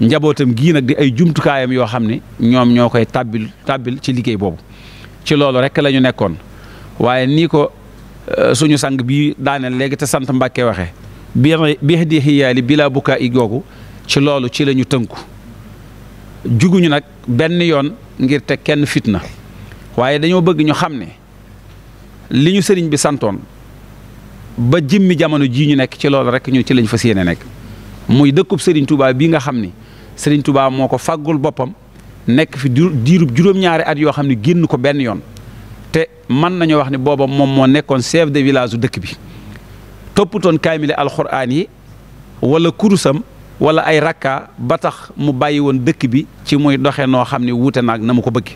njabootam gii nag di ay jumtukaayam yoo xam ne ñoom ñoo koy tàbbil tàbbil ci liggéey boobu ci loolu rek la nekkoon Euh, suñu sang bi daaneel léegi te sant Mbàkke waxe bi biix di xiyaali bi laa bukkaa i googu ci loolu ci lañu tënku juguñu nag benn yoon ngir teg kenn fitna waaye dañoo bëgg ñu xam ne li ñu sëriñ bi santoon ba jëmmi jamono jii ñu nekk ci loolu rek ñun ci lañ fas yéene nekk muy dëkkub sëriñ Touba bii nga xam ni sëriñ Touba moo ko faggul boppam nekk fi diirub juróom-ñaari at yoo xam ne génn ko benn yoon te mën nañu wax ni boobam moom moo nekkoon chef de village dëkk bi toppatoon kaamile alxuraan yi wala kurusam wala ay rakka ba tax mu bàyyi woon dëkk bi ci muy doxe noo xam ne wuute naag na mu ko bëgge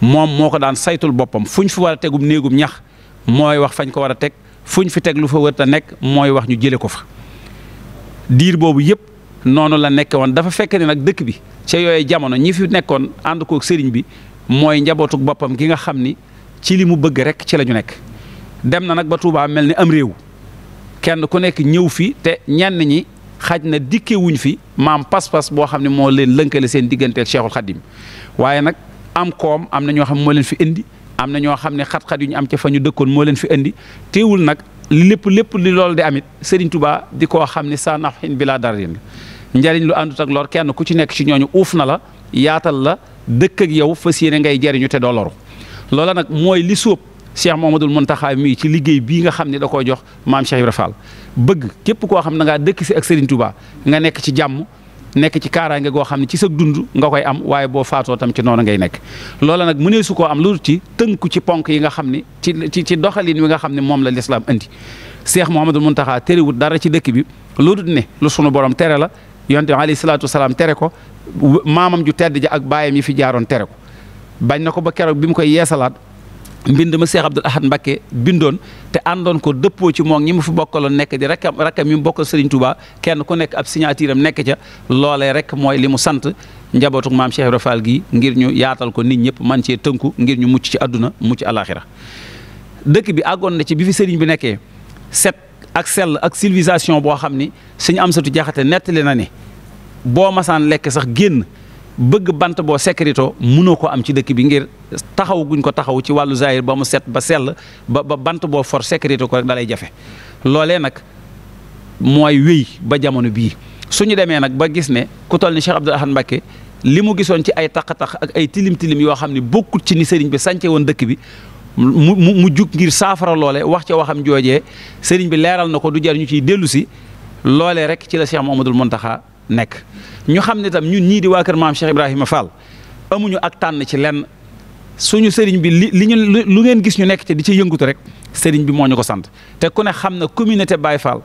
moom moo ko daan saytul boppam fuñ fi war a tegum néegum ñax mooy wax fañ ko war a teg fu fi teglu lu fa wër nekk mooy wax ñu jëlee ko fa diir boobu yëpp noonu la nekke woon dafa fekk ne nag dëkk bi ca yooyu jamono ñi fi nekkoon ànd kook sëriñ bi mooy njabootuk boppam gi nga xam ni ci li mu bëgg rek ci lañu nekk dem na nag ba Touba mel ni am réew kenn ku nekk ñëw fi te ñenn ñi xaj na dikkewuñ fi maam pas-pas boo xam ne moo leen lënkale seen diggante ak Cheikhul Khadim waaye nag am koom am na ñoo xam ne moo leen fi indi am na ñoo xam ne xat-xat yu ñu am ci fa ñu dëkkoon moo leen fi indi teewul nag li lépp lépp li loolu di amit Serigne Touba di koo xam ne saa naxin bi laa dara la njariñ lu àndut ak lor kenn ku ci nekk ci ñooñu uuf na la yaatal la dëkk yow fas yéene ngay jariñu te doo loola nag mooy li sóob Cheikh Mouhamadoul taxaa mii ci liggéey bii nga xam ne da koo jox maam Cheikh Ibra Fall bëgg képp koo xam ne da ngaa dëkk si ak Serigne Touba nga nekk ci jàmm nekk ci kaaraange goo xam ne ci sa dund nga koy am waaye boo faatoo tam ci noonu ngay nekk loola nag mënee su koo am lu ci tënku ci ponk yi nga xam ne ci ci ci doxalin wi nga xam ne moom la lislaam indi Cheikh Mouhamadoul Mountakha terewut dara ci dëkk bi loolu ne lu sunu borom tere la yonte alayhi salaatu wasalaam tere ko maamam ju tedd ja ak baayam yi fi jaaroon tere ko bañ na ko ba keroog bi mu koy yeesalaat mbind ma Seex Abdul Ahad Mbakke bindoon te àndoon ko dëppoo ci moom ñi mu fi bokkaloon nekk di rakkam rakkam mu bokkal Serigne Touba kenn ku nekk ab signature nekk ca loolee rek mooy li mu sant njabootu maam Cheikh Ibra Fall gi ngir ñu yaatal ko nit ñëpp man cee tënku ngir ñu mucc ci àdduna mucc alaxira dëkk bi àggoon na ci bi fi Serigne bi nekkee set ak sell ak civilisation boo xam ni suñu am satu jaxate nettali na ne boo masaan lekk sax génn. bëgg bant boo sécurité munoo ko am ci dëkk bi ngir taxaw ko taxaw ci wàllu zahir ba mu set ba sell ba ba bant boo for sécurité ko rek dalay jafe loolee nag mooy wéy ba jamono bii suñu demee nag ba gis ne ku toll ni Cheikh Abdoul Ahad li mu gisoon ci ay taq-taq ak ay tilim-tilim yoo xam ne bokkut ci ni sëriñ bi sànce woon dëkk bi mu mu mu ngir saafara loole wax ca waxam joojee sëriñ bi leeral na ko du jariñu ñu ciy dellu si loolee rek ci la Cheikh Mouhamadoul Mountakha nekk ñu xam ne tam ñun ñii di waa kër maam Cheikh Ibrahima Fall amuñu ak tànn ci lenn suñu sëriñ bi li li lu ngeen gis ñu nekk te di ci yëngutu rek sëriñ bi moo ñu ko sant te ku ne xam na communauté Baye Fall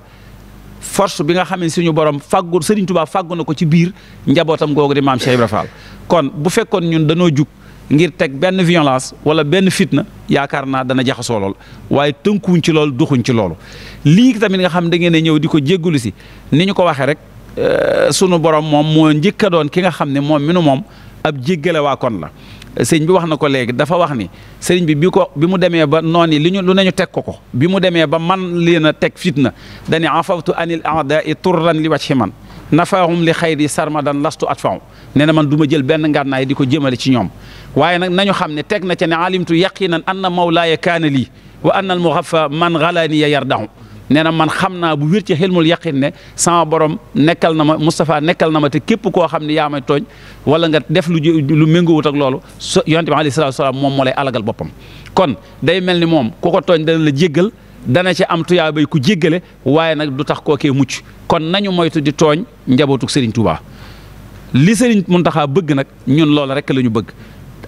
force bi nga xam suñu borom fàggu sëriñ Tuubaa fàggu na ko ci biir njabootam googu di maam Cheikh Ibrahima Fall kon bu fekkoon ñun danoo jug ngir teg benn violence wala benn fitna yaakaar naa dana jaxasoo lool waaye tënkuwuñ ci lool duxuñ ci loolu lii tamit nga xam da ngeen a ñëw di ko jéggalu si ni ñu ko waxee rek. Euh, sunu borom moom moo njëkk a doon ki nga xam ne moom mi nu moom ab jéggale waa kon la sëñ bi wax na ko léegi dafa wax ni sëriñ bi bi ko bi mu demee ba noon yi li ñu lu nañu teg ko ko bi mu demee ba man leen a teg fitna dani afawtu anil aada i turran li wacci man nafaahum li xayri sarmadan lastu atfaaw nee na man du ma jël benn ngànnaay di ko jëmale ci ñoom waaye nag nañu xam ne teg na ca ne alimtu yaqinan anna mawlaaya kaana lii wa anna al muxafa man xalaaniya yardahu nee na man xam naa bu wér ci xilmul yaqin ne sama borom nekkal na ma mustafaa nekkal na ma te képp koo xam ne yaa may tooñ wala nga def lu lu méngoowut ak loolu so yonent bi alayhi salaatu salaam moom moo lay alagal boppam kon day mel ni moom ku ko tooñ dana la jéggal dana ci am tuyaabay ku jéggale waaye nag du tax kookee mucc kon nañu moytu di tooñ njabootuk Serigne Touba li mun taxaa bëgg nag ñun loolu rek lañu bëgg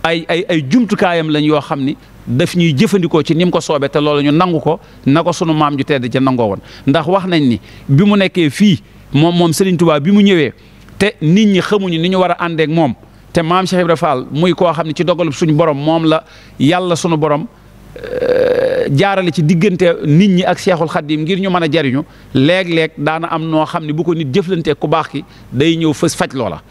ay ay ay jumtukaayam lañ yoo xam ni daf ñuy jëfandikoo ci ni ko soobee te loola ñu nangu ko nako ko sunu maam ju tedd ca nangoo woon ndax wax nañ ni bi mu nekkee fii moom moom Serigne Touba bi mu ñëwee te nit ñi xamuñu ni ñu war a àndeek moom te maam Cheikh Ibrahima muy koo xam ne ci dogalub suñu borom moom la yàlla sunu borom euh, jaarale ci diggante nit ñi ak Cheikhul Khadim ngir ñu mën a jariñu léeg-léeg daana am noo xam ne bu ko nit jëflantee ku baax ki day ñëw fës faj loola.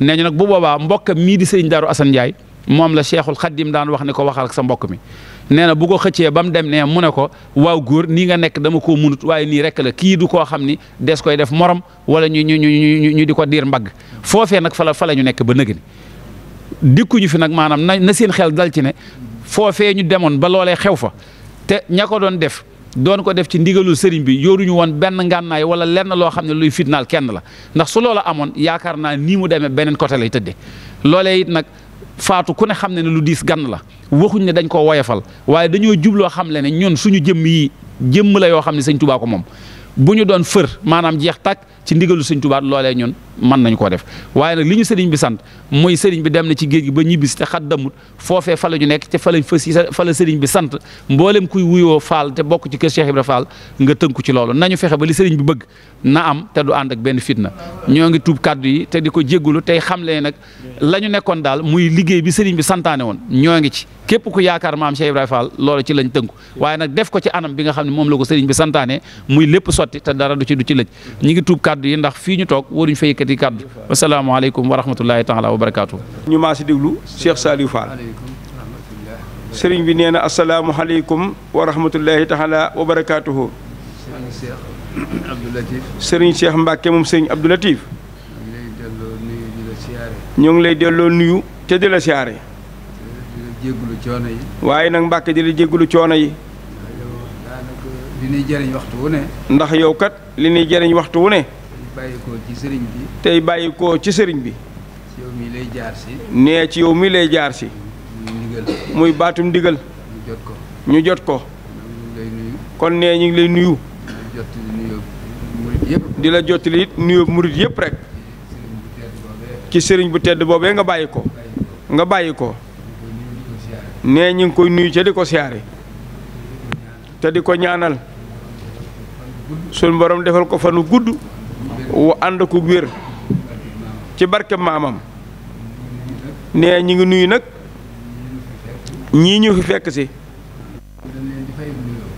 nee ñu nag bu boobaa mbokk mii di Serigne Darou Assane Ndiaye moom la cheikhul xaddim daan wax ne ko waxal sa mbokk mi nee na bu ko xëccee ba mu dem nee mu ne ko waaw góor nii nga nekk dama koo munut waaye nii rek la kii du koo xam ni des koy def morom wala ñu ñu ñu ñu di ko diir mbagg foofee nag fala la fa la ñu nekk ba nëgëni dikkuñu fi nag maanaam na na seen xel dal ci ne foofee ñu demoon ba loolee xew fa te ña ko doon def doon ko def ci ndigalul sëriñ bi yóoruñu woon benn ngànnaay wala lenn loo xam ne luy fitnaal kenn la ndax su loola amoon yaakaar naa nii mu demee beneen côté lay tëddee faatu ku ne xam ne ne lu diis gan la waxuñ ne dañ koo woyefal waaye dañoo jubloo xam le ne ñoon suñu jëmm yi jëmm la yoo xam ne sëñ Tuubaa ko moom bu ñu doon fër maanaam jeex takk ci ndigalu sëñ Tuubaa loolee ñun man nañu koo def waaye nag li ñu sëriñ bi sant mooy sëriñ bi dem na ci géej gi ba ñibbisi te xat damut foofee fa la ñu nekk te fa lañ fës fa la bi sant mboolem kuy wuyoo faal te bokk ci kër Cheikh Ibra Fall nga tënku ci loolu nañu fexe ba li sëriñ bi bëgg na am te du ànd ak benn fitna ñoo ngi tuub kàddu yi te di ko jéggulu tey xam le nag la ñu nekkoon daal muy liggéey bi sëriñ bi santaane woon ñoo ngi ci képp ku yaakaar maam Cheikh Ibrahima Fall loolu ci lañ tënku waaye nag def ko ci anam bi nga xam ne moom la ko sëriñ bi santaane muy lépp sotti te dara du ci du ci lëj ñu ngi tuub kàddu yi ndax fii ñu toog waruñu fa yëkkati kàddu asalaamaaleykum wa rahmatullahi taala wa barakaatu ñu maa si déglu Cheikh Saliou Fall sëriñ bi nee na asalaamaaleykum wa rahmatullahi taala wa sëriñ Cheikh Mbacke moom sëriñ Abdou Latif ñoo ngi lay delloo nuyu te di siyaare jéggulu coono yi. waaye nag Mbàkke di la jéggulu coono yi. li jëriñ waxtu wu ne. ndax yow kat li nuy jariñ waxtu wu ne. tey bàyyi koo ci sëriñ bi. tey bàyyi koo ci sëriñ bi. ci mi lay jaar si. nee ci yow mi lay jaar si. muy baatum ndigal. ñu jot ko ñu jot ko. kon nee ñu ngi lay nuyu. di la jottali it nuyoo murit yëpp rek. ci sëriñ bu tedd boobee nga bàyyi ko. nga bàyyi ko. nee ñu ngi koy nuyu ca di ko siyaare te di ko ñaanal suñu borom defal ko fanu gudd wu ànd ko wér ci barke maamam nee ñu ngi nuyu nag ñii ñu fi fekk si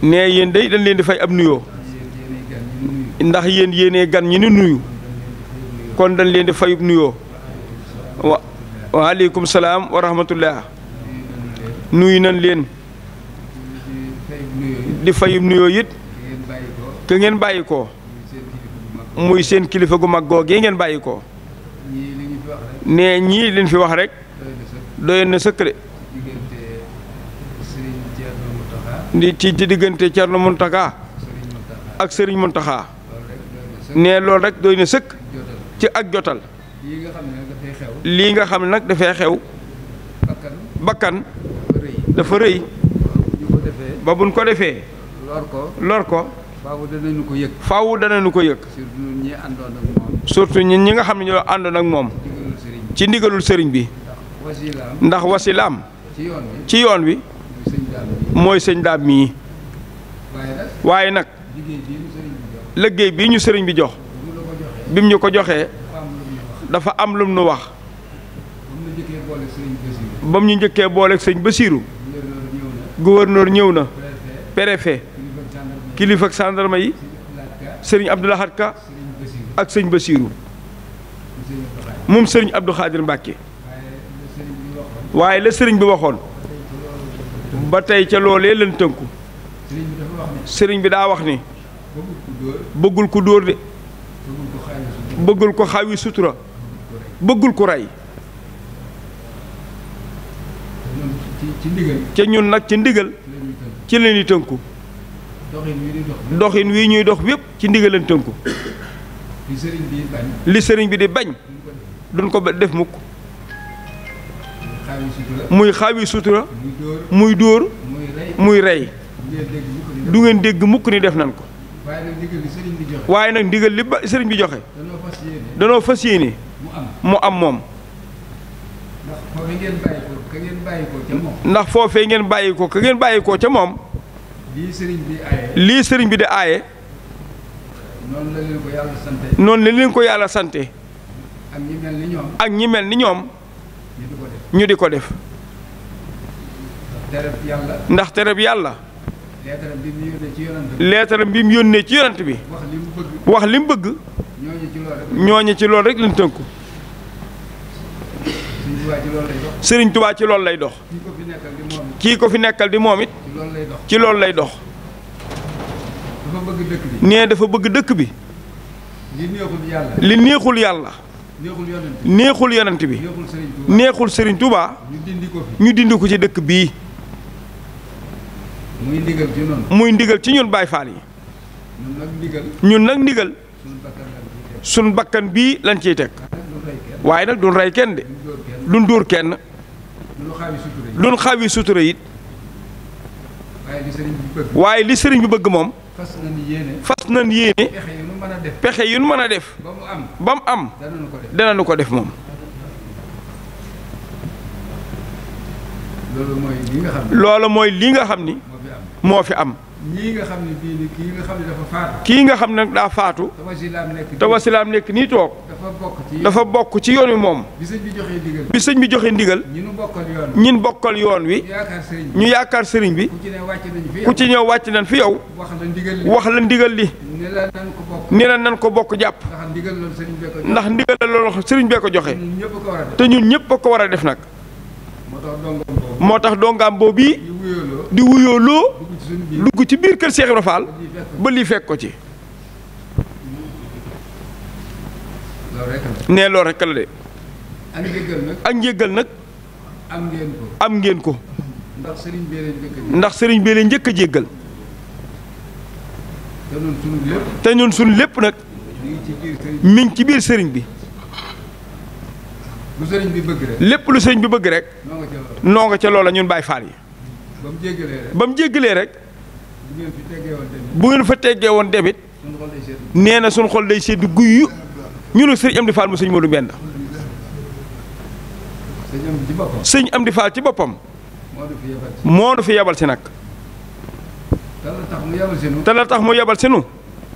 nee yéen day dañ leen di fay ab nuyoo ndax yéen yéenee gan ñi nu nuyu kon dañ leen di fayub nuyoo wa waaleykum salaam wa rahmatullah nuyu nañ leen di fayub nuyoo it ke ngeen bàyyi ko muy seen kilifa gu mag googee ngeen bàyyi ko ne ñii leen fi wax rek doyoon na sëkk de di ci ci diggante Thierno Mountakha ak sëriñ Mountakha ne loolu rek doy na sëkk ci ak jotal lii nga xam ne nag dafay xew bakkan dafa rëy ba buñ ko defee lor ko lor ko faawu danañu ko yëg faawu danañu ko yëg surtout ñun ñi nga xam ne ñoo àndoon ak moom ci ndigalul sëriñ bi ndax wasilaam ci yoon wi mooy sëñ daam mii waaye nag liggéey bii ñu sëriñ bi jox bim ñu ko joxee dafa am lum nu wax ba mu ñu njëkkee booleeg sëñ Basiiru gouverneur ñëw na préfet kilifa ak yi sëriñ Abdoul Ahad ak sëñ Basiiru moom sëriñ Abdou Khadir Mbàkke waaye la sëriñ bi waxoon ba tey ca loolee lan sëriñ bi daa wax ni bëggul ku dóor de bëggul ko xawi sutura bëggul ku rey ci ndigal ca ñun nag ci ndigal. ci la ñuy tënku. doxin wi ñuy dox yépp ci ndigal lañ tënku. li sëriñ bi bañ. di bañ. duñ ko def mukk muy xaawi sutura. muy dóor muy rey. du ngeen dégg mukk ni def nañ ko. waaye nag ndigal li ba sëriñ bi joxe. danoo fas yéene. mu am moom. ndax foofee ngeen bàyyi ko ka ngeen bàyyi ko ca moom. lii sëriñ bi aaye. lii sëriñ bi di aaye. noonu la leen ko yàlla sante. noonu la leen ko yàlla sante. ak ñi mel ni ñoom. ak ñi mel ni ñoom. ñu di ko def. ndax tereb yàlla. leetaram bi mu yónnee ci yonant bi. wax li mu bëgg. ñooñu ci lool rek lañ tënku. sëriñ tubaa ci loolu lay dox kii ko fi nekkal di moom it ci loolu lay dox nee dafa bëgg dëkk bi li neexul yàlla neexul yonent bi neexul sëriñ tubaa ñu dindi ko ci dëkk bii muy ndigal ci ñun baay faal yi ñun nag ndigal sun bakkan bii lañ ciy teg waaye nag duñ rey kenn de duñ dóor kenn duñ xaawi sutura it waaye li sëriñ bi bëgg moom fas nañ yéene pexe yu nu mën a def ba mu am danañu ko def moom loolu mooy li nga xam ni moo fi am ñii nga xam ne bii kii nga xam ne dafa faatu. kii nga xam ne daa faatu. te wasilaam nekk nii toog. dafa bokk ci yoon wi moom. bi bi joxe ndigal. bi sëñ bi joxe ndigal. ñi nu bokkal yoon wi. ñi nu wi. ñu yaakaar sëriñ bi. ku ci ñëw wàcc nañ fi yow. wax la ndigal li wax la ndigal li. ni la nan ko bokk. ni la nan ko bokk jàpp. ndax ndigal loolu sëriñ bee ko joxe. ndax sëriñ bee ko joxe. te ñun ñëpp a ko war a def nag. moo tax dongaam boobu. di loo dugg ci biir kër Cheikh Ibra ba lii fekk ko ci nee loolu rek la de ak njéggal nag am ngeen ko ndax sëriñ bee leen njëkk a jéggal te ñun suñu lépp nag mi ci biir sëriñ bi lépp lu sëriñ bi bëgg rek noo nga ca loola ñun Baay Faal yi ba mu jéggalee rek ba mu bu ngeen fi teggee woon tamit nee na sunu xol day sedd guy ñu ne sëñ Amdi Fall mu sëñ Modou Mbenda. sëñ Amdi ci boppam sëñ Amdi ci boppam. moo du fi yabal si nag. te la tax mu yebal si nu. la tax mu yebal si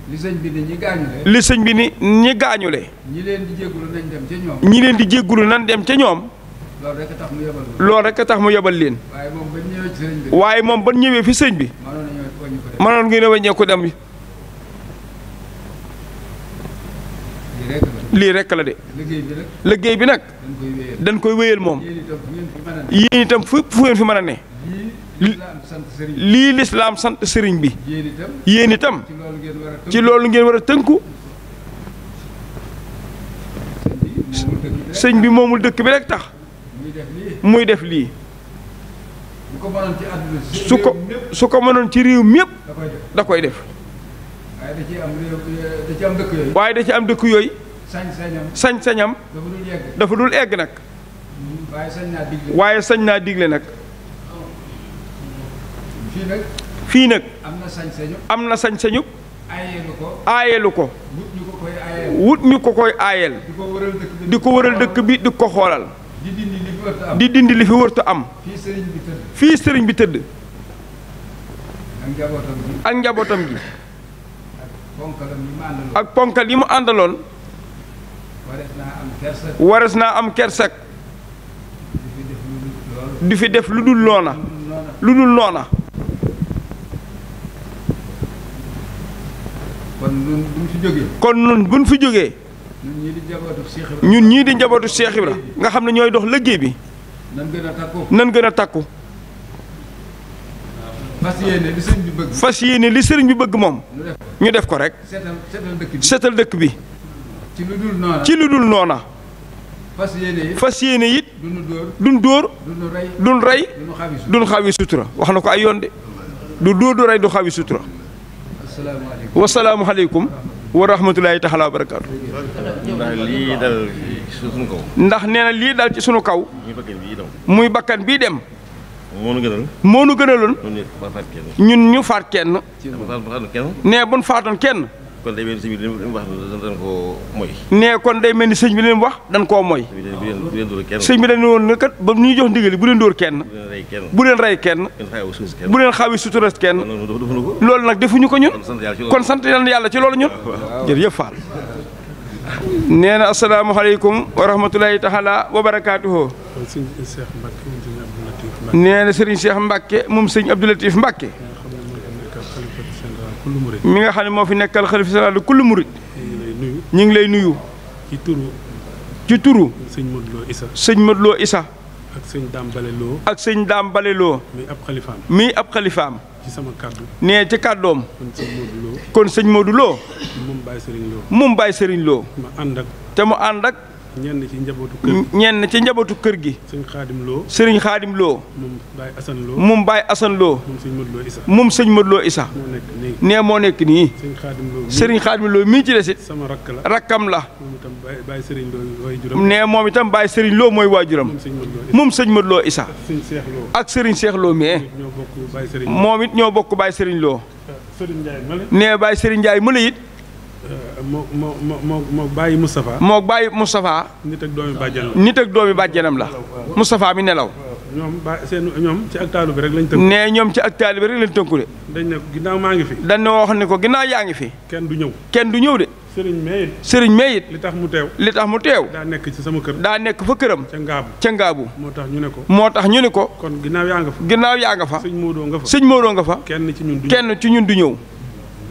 li sëñ bi ni ñi gaañule. sëñ bi ni ñi gaañule. ñi leen di jéggulu nañ dem ca ñoom. ñi leen di jéggulu nañ dem ca ñoom. loolu rek tax mu yebal tax mu yebal leen. waaye moom ba ñëwee ci sëñ bi. waaye ngi ba ñëwee fi dem lii rek la de. liggéey bi nag. dañ koy wéyal moom. yéen itam fu fu ngeen fi mën a ne. lii lislaam sant sëriñ bi. yéen itam. ci loolu ngeen war a tënku. sëñ bi moomul dëkk bi rek tax. muy def lii su ko su ko mënoon ci réew mépp da koy def waaye da ci am dëkk yooyu sañ-sañam dafa dul egg nag waaye sañ naa digle nag fii nag am na sañ-sañu aayeelu ko wut ñu ko koy aayeel di ko wëral dëkk bi di ko xoolal di dindi li fi wërta am fii sëriñ bi tëdd ak njabootam gi ak ponkal yi mu àndaloon wares naa am kersak du fi def lu dul loona lu dul noona kon nun buñ fi jógee ñun ñii di njabootu Cheikh Ibra nga xam ne ñooy dox liggéey bi. nan gën a takku nan gën fas yéene li sëriñ bi bëgg. moom. ñu def ko rek. setal dëkk bi ci lu dul noona fas yéene it fas yéene it. duñu dóor duñu rey duñu rey. duñu xawi wax na ko ay yoon de. du dóor du rey du xawi sutura. wasalaamualeykum. wa rahmatulahi taala wa barakaatu. ndax lii dal ci sunu kaw. ndax nee na lii dal ci sunu kaw. muy bakkan bii dem. moonu gënal. moonu gënaloon. ñun ñu faat ñun ñu faat kenn. nee bu faatoon kenn. kon day mel mooy. nee kon day mel ni sëñ bi li wax dañ koo mooy. sëñ bi dañ ne woon ne kat ba ñu jox ndigal bu leen dóor kenn. bu leen rey kenn. bu leen xaawi suturas kenn. loolu nag defuñu ko ñun. kon sant yàlla ci loolu ñun. jërëjëf Fall. nee na asalaamaaleykum wa rahmatulahi taala wa barakaatuhu. nee na Serigne Cheikh moom sëñ Abdou Latif kullu murid mi nga xam ne moo fi nekkal xalifa général de kullu murid ñu ngi lay nuyu ci turu turu sëñ Modou Lo sëñ Modou Lo Issa ak sëñ Dame Bale Lo ak sëñ Dame Bale Lo muy ab xalifaam muy sama kàddu nee ci kàddoom kon sëñ Modou Lo moom Baye Serigne Lo te mu ànd ak ñenn ci njabootu kër gi ci njabootu kër gi. sëriñ xaadim loo. sëriñ xaadim loo. moom Baye Assane loo. moom Baye Assane loo. moom sëñ Modou Lo Issa. moom sëñ Modou Lo Issa. moo nekk nii nee moo nekk nii. sëriñ xaadim loo sëriñ xaadim loo mii ci desit. sama rakk la rakkam la. moom itam Baye Baye sëriñ loo mooy waajuram. nee moom itam Baye sëriñ loo mooy waajuram. moom sëñ Modou Lo Issa. ak sëriñ Cheikh Lo mais. moom it ñoo bokk Baye sëriñ loo. nee Baye sëriñ Ndiaye mële Euh, moo moo moo moo bàyyi Moustapha. moo bàyyi Moustapha. nit ak doomi bàjjanam la nit ak doomi bàjjanam la. Moustapha mi nelaw. ñoom ba seen ñoom ci ak taalu bi rek lañ tënku. ne ñoom ci ak taalu bi rek lañ tënku de. dañ ne maa ngi fi. dañ ne wax ne ko ginnaaw yaa ngi fi. kenn du ñëw kenn du ñëw de. sëriñ Meyit sëriñ Meyit. li tax mu teew li tax mu teew. daa nekk ci sama kër. daa nekk fa këram. ca Ngaabu moo tax ñu ne ko. moo tax ñu ne ko. kon ginnaaw yaa nga fa. ginnaaw yaa nga sëñ Modou nga fa sëñ Modou nga fa. kenn ci ñun du kenn ci ñun du ñëw.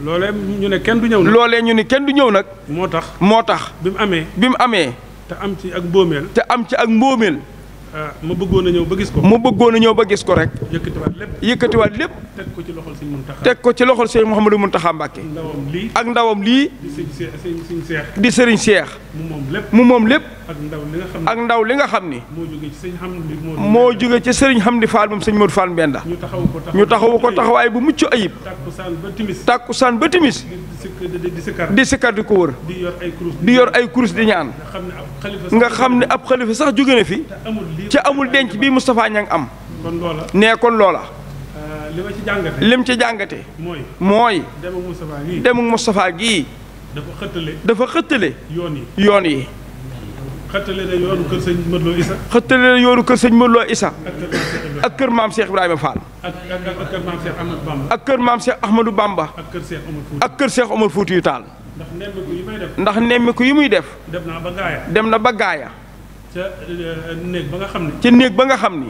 loole ñu ne kenn du ñëw nag. loolee ñu ni kenn du ñëw nag. moo tax moo tax. bi mu amee bi mu amee. te am ci ak mbóomeel. te am ci ak mbóomeel. ma bëggoon a ñëw ba gis ko. mu bëggoon a ñëw ba gis ko rek. yëkkatiwaat lépp yëkkatiwaat lépp. teg ko ci loxol sëñ Muntaxa. teg ko ci loxol sëñ Mouhamadou Muntaxa Mbàkke. ak ndawam lii. di sëñ Seex di sëriñ Seex. mu moom lépp mu moom lépp. ak ndaw li nga xam ne ak ndaw li nga xam ni. moo jóge ci sëñ Hamdi moo jóge ci sëriñ Hamdi Fall moom sëñ Modou Fall Mbenda. ñu taxawu ko taxawu ñu taxawu ko taxawaay bu mucc ayib. takkusaan ba timis takkusaan ba timis. di sikkar di ko wër. di yor ay kurus di ñaan. nga xam ne ab xalifa sax jóge na fi ci amul denc bi Moustapha Niang am. kon loola kon loola. Euh, li ma lim ci jàngate. mooy mooy. demu Moustapha gii demu Moustapha gii. dafa xëttale. dafa xëttale. yoon yi yoon yi. xëttale na yoonu kër sëñ Modou Issa. xëttale kër sëñ Modou Issa. ak kër maam Cheikh Ibrahima Fall. ak ak kër maam Cheikh Ahmadou Bamba. ak ak kër Cheikh Omar Fouti. taal. ndax nemmiku yi muy def. def. na dem na ba gaaya. ca euh, néeg ba nga xam ni. ca néeg ba nga xam ni.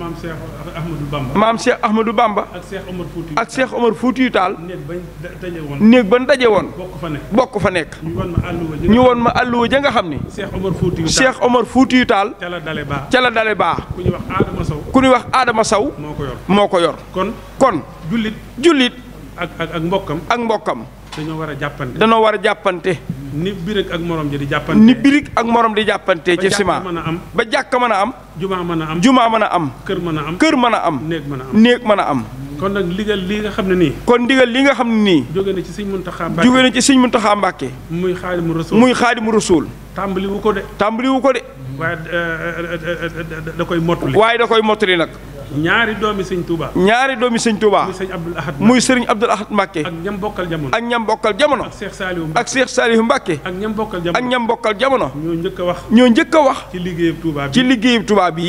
maam Cheikh Ahmadou Bamba. maam Cheikh Ahmadou Bamba. ak Cheikh Omar Foutiyu. ak Cheikh Omar Foutiyu Taal. néeg bañ daje woon. néeg bañ daje woon. bokk fa nekk bokk fa nekk. ñu won ma àlluwa ja ñu won ma àlluwa ja nga xam ni. Cheikh Omar Foutiyu Taal Cheikh Omar Foutiyu Taal. ca la dale baa ca la dale baa. ku ñuy wax Adama Sow. ku ñuy wax Adama Sow. moo ko yor moo ko yor. kon kon. jullit jullit. ak ak ak mbokkam. ak mbokkam. dañoo war a jàppante. dañoo war a jàppante. ni birig ak morom di jàppante. ni birig ak morom di jàppante ci sima ba jàkka mën a am ba jàkka mën a am. jumaa mën a am jumaa mën a am. kër mën a am kër mën a am. néeg mën a am mën a am. kon nag ndigal li nga xam ne nii. kon ndigal li nga xam ne nii. jóge na ci sëñ Muntaxa Mbàkke jóge na ci sëñ Muntaxa Mbàkke. muy xaadimu rasuul muy xaadimu rasuul tàmbaliwu ko de. tàmbaliwu ko de. waaye eh, eh, eh, da koy mottali. waaye da koy mottali nag. ñaari doomi sëñ Touba. ñaari doomi sëñ Touba. muy sëñ Abdoul Ahad muy sëriñ Abdoul Ahad Mbacké. ak ñam mbokkal jamono. ak ñam bokkal jamono. ak Cheikh Saliou Mbacké. ak Cheikh Saliou ak ñam mbokkal jamono. ak ñam bokkal jamono. ñoo njëkk a wax. ñoo njëkk wax. ci liggéeyub Touba bi ci liggéeyub Touba bi.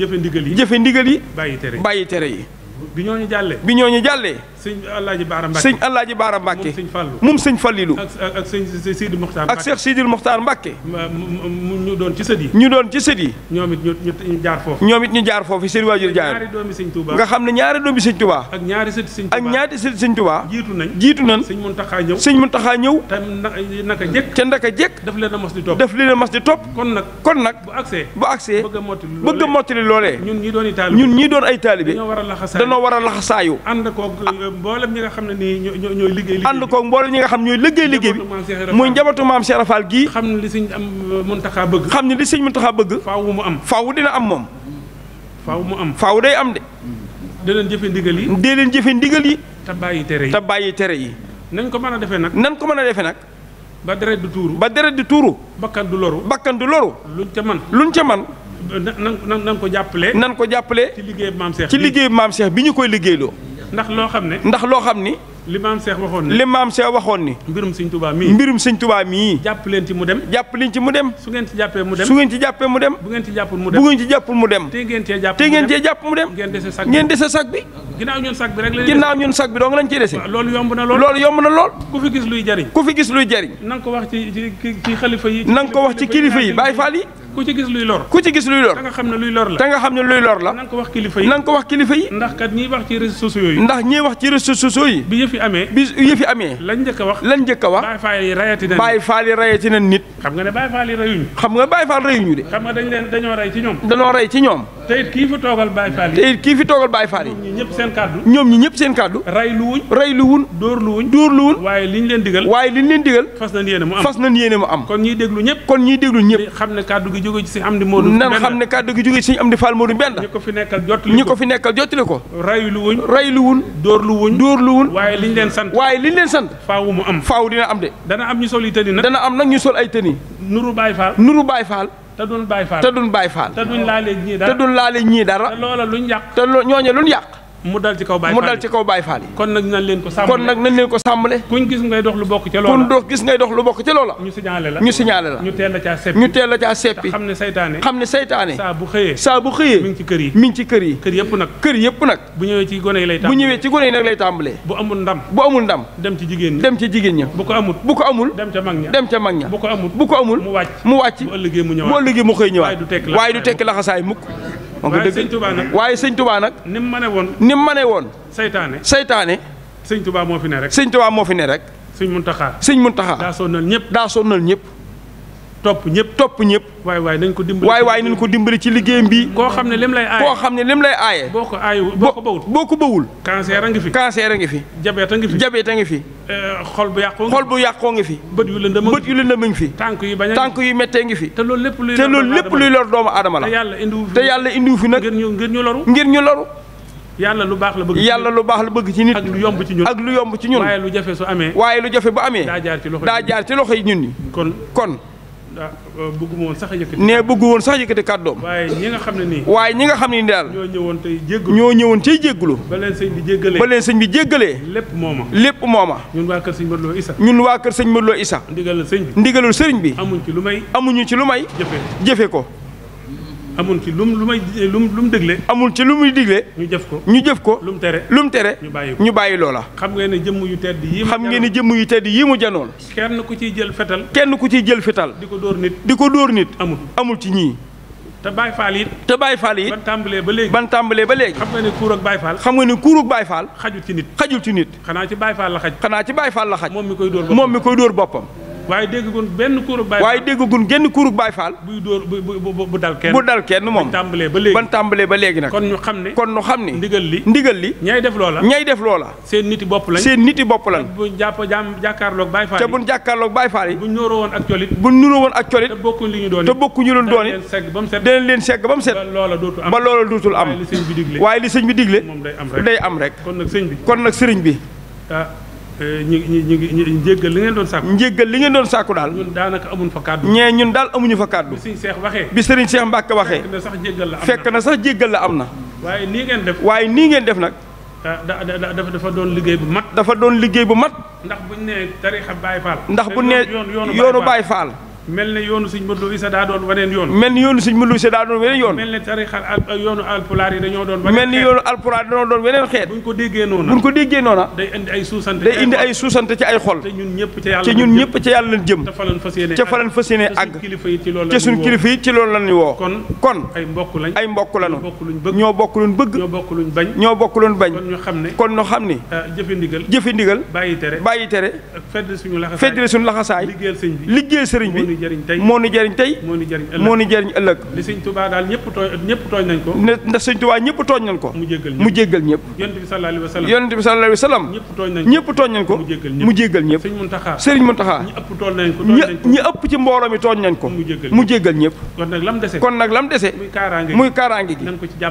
jëfe ndigal yi jëfe ndigal yi. bàyyi tere yi bàyyi tere yi. bi ñooñu jàllee. bi ñooñu jàllee. sëñ Alaaji Baara Mbàkke sëñ Alaaji Baara Mbàkke moom sëñ Fallu moom sëñ ak ak sëñ Sidil Mbàkke doon ci ñu doon ñoom it ñu jaar foofu ñoom it ñu jaar foofu seen waajur jaar nga xam ne ñaari doomi sëñ Tuubaa ak ñaari sët sëñ Tuubaa ak ñaari sët sëñ Tuubaa jiitu nañ jiitu nañ sëñ Muntaxaa ñëw ñëw te naka jekk daf leen a mas di topp daf leen a mas di topp kon nag kon nag bu agsee bu agsee bëgg a mottali loolee ñun ñi doon ay taalibe danoo war a laxasaayu. ànd koog euh, mboolem ñi nga xam ne nii ñooy ñooy liggéey liggéey. ànd koog mboolem ñi nga xam ñooy liggéey liggéey bi. muy njabootu maam Cheikh Rafal gii. xam ne li sëñ euh, Muntaxa bëgg. xam ne li sëñ Muntaxa bëgg. faaw mu am faaw dina am moom. faaw mu am faaw day am de. dee leen jëfe ndigal yi. dee leen jëfe yi. te bàyyi tere yi te bàyyi tere yi. nañ ko mën a defee nag. nañ ko mën a defee nag. ba deret di tuuru. ba deret di tuuru. bakkan du loru. bakkan du loru. luñ ca man luñ ca man nan nan ko jàppale. nan ko jàppale. ci liggéey maam Cheikh ci maam Cheikh bi ñu koy liggéeyloo. ndax loo xam ne. ndax loo xam ni. li maam Cheikh waxoon ni li maam Cheikh waxoon ni. mbirum sëñ Tuubaa mii mbirum sëñ Tuubaa mii. jàpp leen ci mu dem. jàpp leen ci mu dem. su ngeen ci jàppee mu dem su ngeen ci jàppee mu dem. bu ngeen ci jàppul mu dem bu ngeen ci jàppul mu dem. te ngeen cee jàpp mu dem te ngeen cee jàpp mu dem. ngeen dese sag bi ngeen dese ñun sag bi rek la ginnaaw dese. lool yomb na lool. ku fi gis luy jariñ ku ko wax ci ci xalifa nga ko wax ci kilifa yi Baay Faal yi ku ci gis luy lor ku gis nga xam ne luy lor la te nga xam ne luy lor la na ko wax kilifa yi na nga ko wax kilifa yi ndax kat wax ci réseaux sociaux yi ndax ñiy wax ci réseaux sociaux yi bi yëf amee bi yëf yi amee lañ njëkk wax lañ njëkk wax Baye Fall yi rayati na Baye Fall nit xam nga ne Baye Fall yi xam nga baay Fall rayuñu de dañu nga leen dañoo ray ci ñoom dañoo ray ci ñoom te it kii fi toogal Baye Fall yi te it kii ñoom ñi ñëpp seen kàddu ñoom ñi ñëpp seen kàddu ray lu dóor lu dóor lu leen digal waaye liñ leen digal fas nañ yéene mu am fas nañ yéene mu am kon ñiy déglu ñëpp kon ñiy déglu ñëpp xam ne gi jóge ci Sëñ Amdi Modou nan xam ne kàddu gi jóge ci Sëñ Amdi Fall Modou benn ñi ko fi nekkal jottali ñi lu wuñ ray lu wuñ dóor lu waaye liñ leen sant waaye liñ leen sant faaw mu am faaw dina am de dana am ñu sol ay tëni nag dana am nag ñu sol ay tëni nuru Baye Fall nuru baay Fall te duñ bàyyi faal te duñ bàyyi faal te duñ laale ñii dara te duñ laale te loola luñ yàq te ñooñe luñ yàq mu dal ci kaw Baay Faal mu dal ci kaw Baay yi kon nag nañ leen ko sàmmale kon nag nañ leen ko gis ngay dox lu bokk ca loola kuñ dox gis ngay dox lu bokk ca loola ñu signalé la ñu signalé la ñu teel la caa seppi ñu teel la caa seppi xam ne saytaane xam ne saa bu xëyee saa bu xëyee mi ngi ci kër yi mi ci kër yi kër yëpp nag kër yëpp nag bu ñëwee ci gone yi lay tàmbalee bu ñëwee ci yi nag lay tàmbalee bu amul ndam bu amul ndam dem ci jigéen ñi dem ci jigéen ña bu ko amul bu ko amul dem ca mag ña dem ca mag ña bu ko amul bu ko amul mu wàcc mu wàcc bu ëllëgee mu ñëwaat bu ëllëgee mu xëy ñëwaat waaye du tekk laxasaay mukk moo ko dëgg sëñ waaye sëñ Touba nag. ni mu mënee woon ni mu mënee woon. saytaane saytaane. sëñ Touba moo fi ne rek. sëñ Touba moo fi ne rek. sëñ Muntaxa sëñ Muntaxa daa sonnal ñëpp daa sonnal ñëpp. topp ñëpp topp ñëpp. waay waay nañ ko dimbali waay waay ko dimbali ci liggéey bi. koo xam ne lim lay aaye koo xam ne lim lay aaye. boo ko aayewul boo ko bawul boo ko bawul. cancer a ngi fi cancer a ngi fi. diabète a ngi fi diabète a ngi fi. Euh, xol bu yàqoo ngi fi ngi fi. bët yu la bët yu lëndëm ngi fi. tànk yu bañ a tànk yu méttee ngi fi. te loolu lépp luy lor lépp luy lor doomu aadama la. te yàlla indiwu fi te yàlla indiwu nag. ngir ñu loru ngir ñu loru. yàlla lu baax la bëgg yàlla lu baax la bëgg ci nit ak lu yomb ci ñun ak yomb ci ñun waaye lu jafe su amee waaye lu jafe bu amee daa jaar ci loxo yi ñun ñi kon kon ndax euh, bëgguma woon sax yëkkati. nee bëggu woon sax yëkkati kàddoom. waaye ñi nga xam ne nii. waaye ñi nga xam ne nii daal. ñoo ñëwoon tey jégglu ñoo ñëwoon tey jégglu. ba leen sëñ bi jéggalee ba leen sëñ bi jéggalee. lépp mooma lépp mooma. ñun waa kër sëñ Modou Lo Issa. ñun waa kër sëñ Modou Lo Issa. ndigalal sëñ bi ndigalul sëriñ bi. amuñ ci lu may amuñu ci lu may. jëfe ko. amul ci lu mu lu may lu mu digle. amul ci lu muy digle. ñu jëf ko ñu jëf ko. lu mu tere ñu bàyyi ñu bàyyi loola. xam nga ne jëmm yu tedd yii. xam ngeen ne jëmm yu tedd yii mu janoon. kenn ku ciy jël fetal. kenn ku ciy jël fetal. di ko dóor nit di ko dóor nit. amul amul ci ñii. te Baye Fall it. te Baye faal it ban tàmbalee ba léegi ban tàmbalee ba léegi. xam nga ne kuur ak Baye Fall. nga ne kuur ak Baye Fall. xajul ci nit xajul ci nit. xanaa ci Baye Fall la xaj. xanaa ci Baye Fall la xaj. moom mi koy dóor moom mi koy dóor boppam waaye déggagun benn kuurug Baay Faal waaye déggagun genn kuurug Baay Faal buy dóor bu bu dal kenn bu dal kenn moom tàmbalee ba léegi ban tàmbalee ba léegi nag kon ñu xam ne kon ñu xam ne ndigal li ndigal li ñay def loola ñay def loola seen niti bopp lañ niti bopp lañ buñ jàpp jàmm jàkkaarloog Baay Faal te buñ jàkkaarloog Baay Faal yi buñ ñoroo woon ak colit buñ ñoroo woon ak colit te bokkuñ li ñu doon te bokkuñu lu doon it danañ leen segg ba mu set ba loola dootul am waaye li sëñ bi digle day am rek kon nag seriñ bi ñu ñu ñu njéggal li ngeen doon sàkku. njéggal li ngeen doon sàkku daal. ñun daanaka amuñ fa kàddu. ñee ñun daal amuñu fa kàddu. bi Serigne Cheikh waxee. bi Serigne Cheikh Mbacke waxee. fekk na sax jéggal la am na fekk na sax jéggal la am na. waaye nii ngeen def. waaye nii ngeen def nag. dafa doon liggéey bu mat. dafa doon liggéey bu mat. ndax buñ nee tariixa Baye Fall. ndax bu nee yoonu Baye Fall. mel ne yoonu sëñ Modou Issa daa doon waneen yoon mel ni yoonu sëñ Modou Issa daa doon weneen yoon mel ni tarixa al euh, yoonu alpulaar yi dañoo doon mel ni yoonu alpulaar yi dañoo doon weneen xeet buñ ko déggee noona buñ ko déggee noona day indi ay suusante day indi ay suusante ci ay xol te ñun ñëpp ca yàlla te ñun ñëpp ca yàlla lañ jëm te fa lañ fas yéene ca fa lañ fas yéene àgg te suñ kilifa yi ci loolu lañu woo kon kon ay mbokk lañ ay mbokk lañu ñoo bokk luñ bëgg ñoo bokk luñ bañ ñoo bokk luñ bañ kon ñu xam ne kon ñu xam ne euh, jëfe ndigal jëfe ndigal bàyyi tere bàyyi tere fedd suñu laxasaay liggéeyal sëriñ bi moo nu jëriñ tey moo nu jëriñ ëllëg moo nu tubaa daal ñëpp tooñ nañ ko ne ndax sëñ tubaa ñëpp tooñ nañ ko mu jéggal mu jéggal wa sallam yonent bi sallallahu alayhi wa sallam ñëpp tooñ nañ ñëpp tooñ nañ ko mu jéggal ñëpp tooñ nañ ko mu jéggal ñëpp kon nag lam dese muy kaaraange gi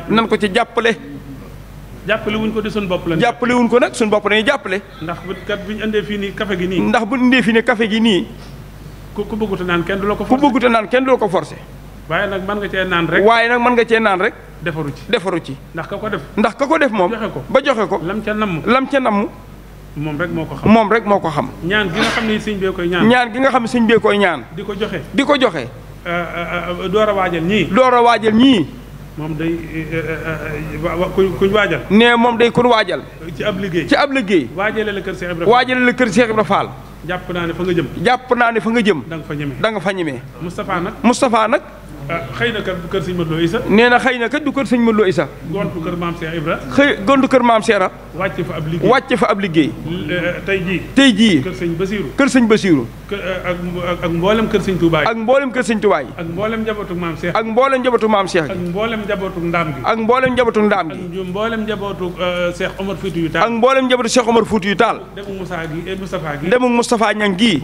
nan ko ci jàppale jàppale wuñ ko de suñ bopp la jàppale ndax bu kat bu kafe gi nii ku ku naan kenn du la ko forcer ku bëggut a kenn du ko forcer. waaye nag mën nga cee naan rek. waaye nag mën nga cee naan rek. defaru ci defaru ci. ndax ka ko def. ndax ka ko def moom joxe ko ba joxe ko. lam ca namm lam ca namm. moom rek moo ko xam moom rek moo ko xam. ñaan gi nga xam ne sëñ bee koy ñaan. ñaan gi nga xam ne sëñ bee koy ñaan. di ko joxe di ko joxe. Euh, euh, euh, door a waajal ñii. door a waajal ñii. moom day kuñ kuñ waajal. nee moom day kuñ waajal. ci ab liggéey ci ab liggéey. waajale la kër Cheikh Ibra Fall waajale la kër Cheikh Ibra jàpp naa ne fa nga jëm. jàpp naa ne fa nga jëm. da nga fa ñemee da fa ñemee. Moustapha nag Moustapha nag. xëy na kat du kër sëñ Modou Isa. nee na xëy na kat du kër sëñ Modou Isa. gontu kër maam Cheikh Ibra. xëy gontu fa ab liggéey wàcce fa ab liggéey. Euh, tey jii. tey jii kër sëñ Basirou. kër sëñ Basirou. Euh, ak ak mboolem kër sëñ Touba yi. ak mboolem kër sëñ Touba yi. ak mboolem njabootu maam Cheikh. ak mboolem njabootu maam Cheikh. njabootu ndaam gi. ak mboolem njabootu ndaam gi. ak mboolem njabootu euh, Cheikh Omar Fouti yu taal. ak mboolem njabootu Cheikh Omar Fouti yu taal. demu na ñëpp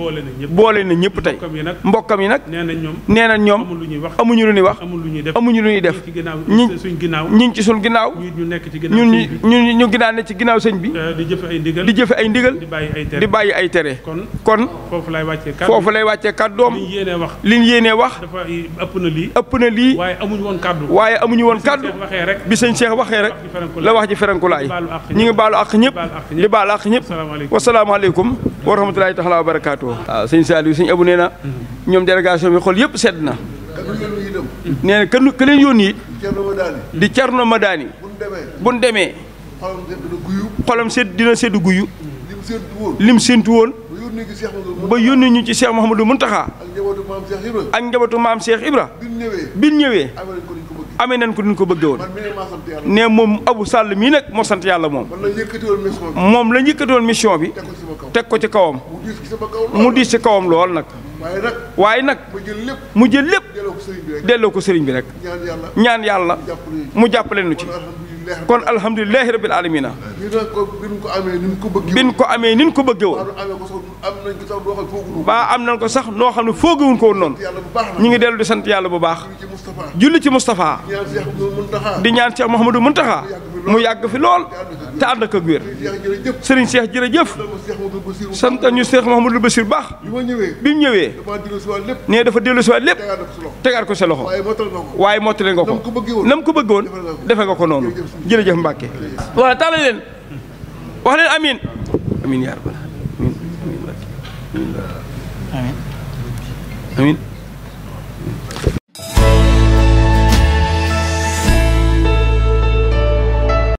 boole na tey. mbokkam yi nag nee na ñoom nee amuñu lu ñuy wax amuñu lu ñuy def ñi ñi ci suñ ginnaaw ñun ñu ñu ñu ginnaaw ne ci ginnaaw sëñ bi euh, di jëfe ay ndigal di jëfe ay ndigal di bàyyi ay tere kon foofu lay wàccee kàddoom li ñu yéenee wax wax ëpp na lii waaye amuñu woon kàddu bi sëñ Cheikh waxee rek la wax ji ferenkulaay ñi ngi baalu àq ñëpp di baalu àq ñëpp wasalaamaaleykum wa rahmatulahi taala wa barakaatu waaw sëñ Saliou sëñ Abou nee na mm-hmm. ñoom délégation bi xol yëpp sedd na nee na kenn ku leen yónni it. di Cerno Madaani. bu nu demee. xolam sedd dina sedd guyu. lim séntu woon. ba yónni ñu ci seex Mouhamadou Mountakha. ak njabootu maam Cheikh Ibra. bi ñëwee. amee nañ ko duñ ko bëggee woon nee moom Abou Sall mii nag moo sant yàlla moom moom la yëkkatiwoon mission bi teg ko ci kawam mu di ci kawam lool nag waaye nag mu jël lépp delloo ko sëriñ bi rek ñaan yàlla mu jàppale nu ci kon alhamdulilahi rabbil alamina bin ko amee nin ko bëggee woon baa am nañ ko sax noo xam ne foogewuñ ko woon noonu ñu ngi dellu di sant yàlla bu baax julli ci Moustapha di ñaan Cheikh Mouhamadou Mountakha mu yàgg fi lool te ànd ak ak wér sëriñ Cheikh jërëjëf sant ñu Cheikh Mouhamadou Bassir baax bi mu ñëwee nee dafa dellu si waat lépp tegaat ko sa loxo waaye mottale nga ko nam ko bëggoon defe nga ko noonu jërëjëf Mbàkke voilà tàllal leen wax leen amin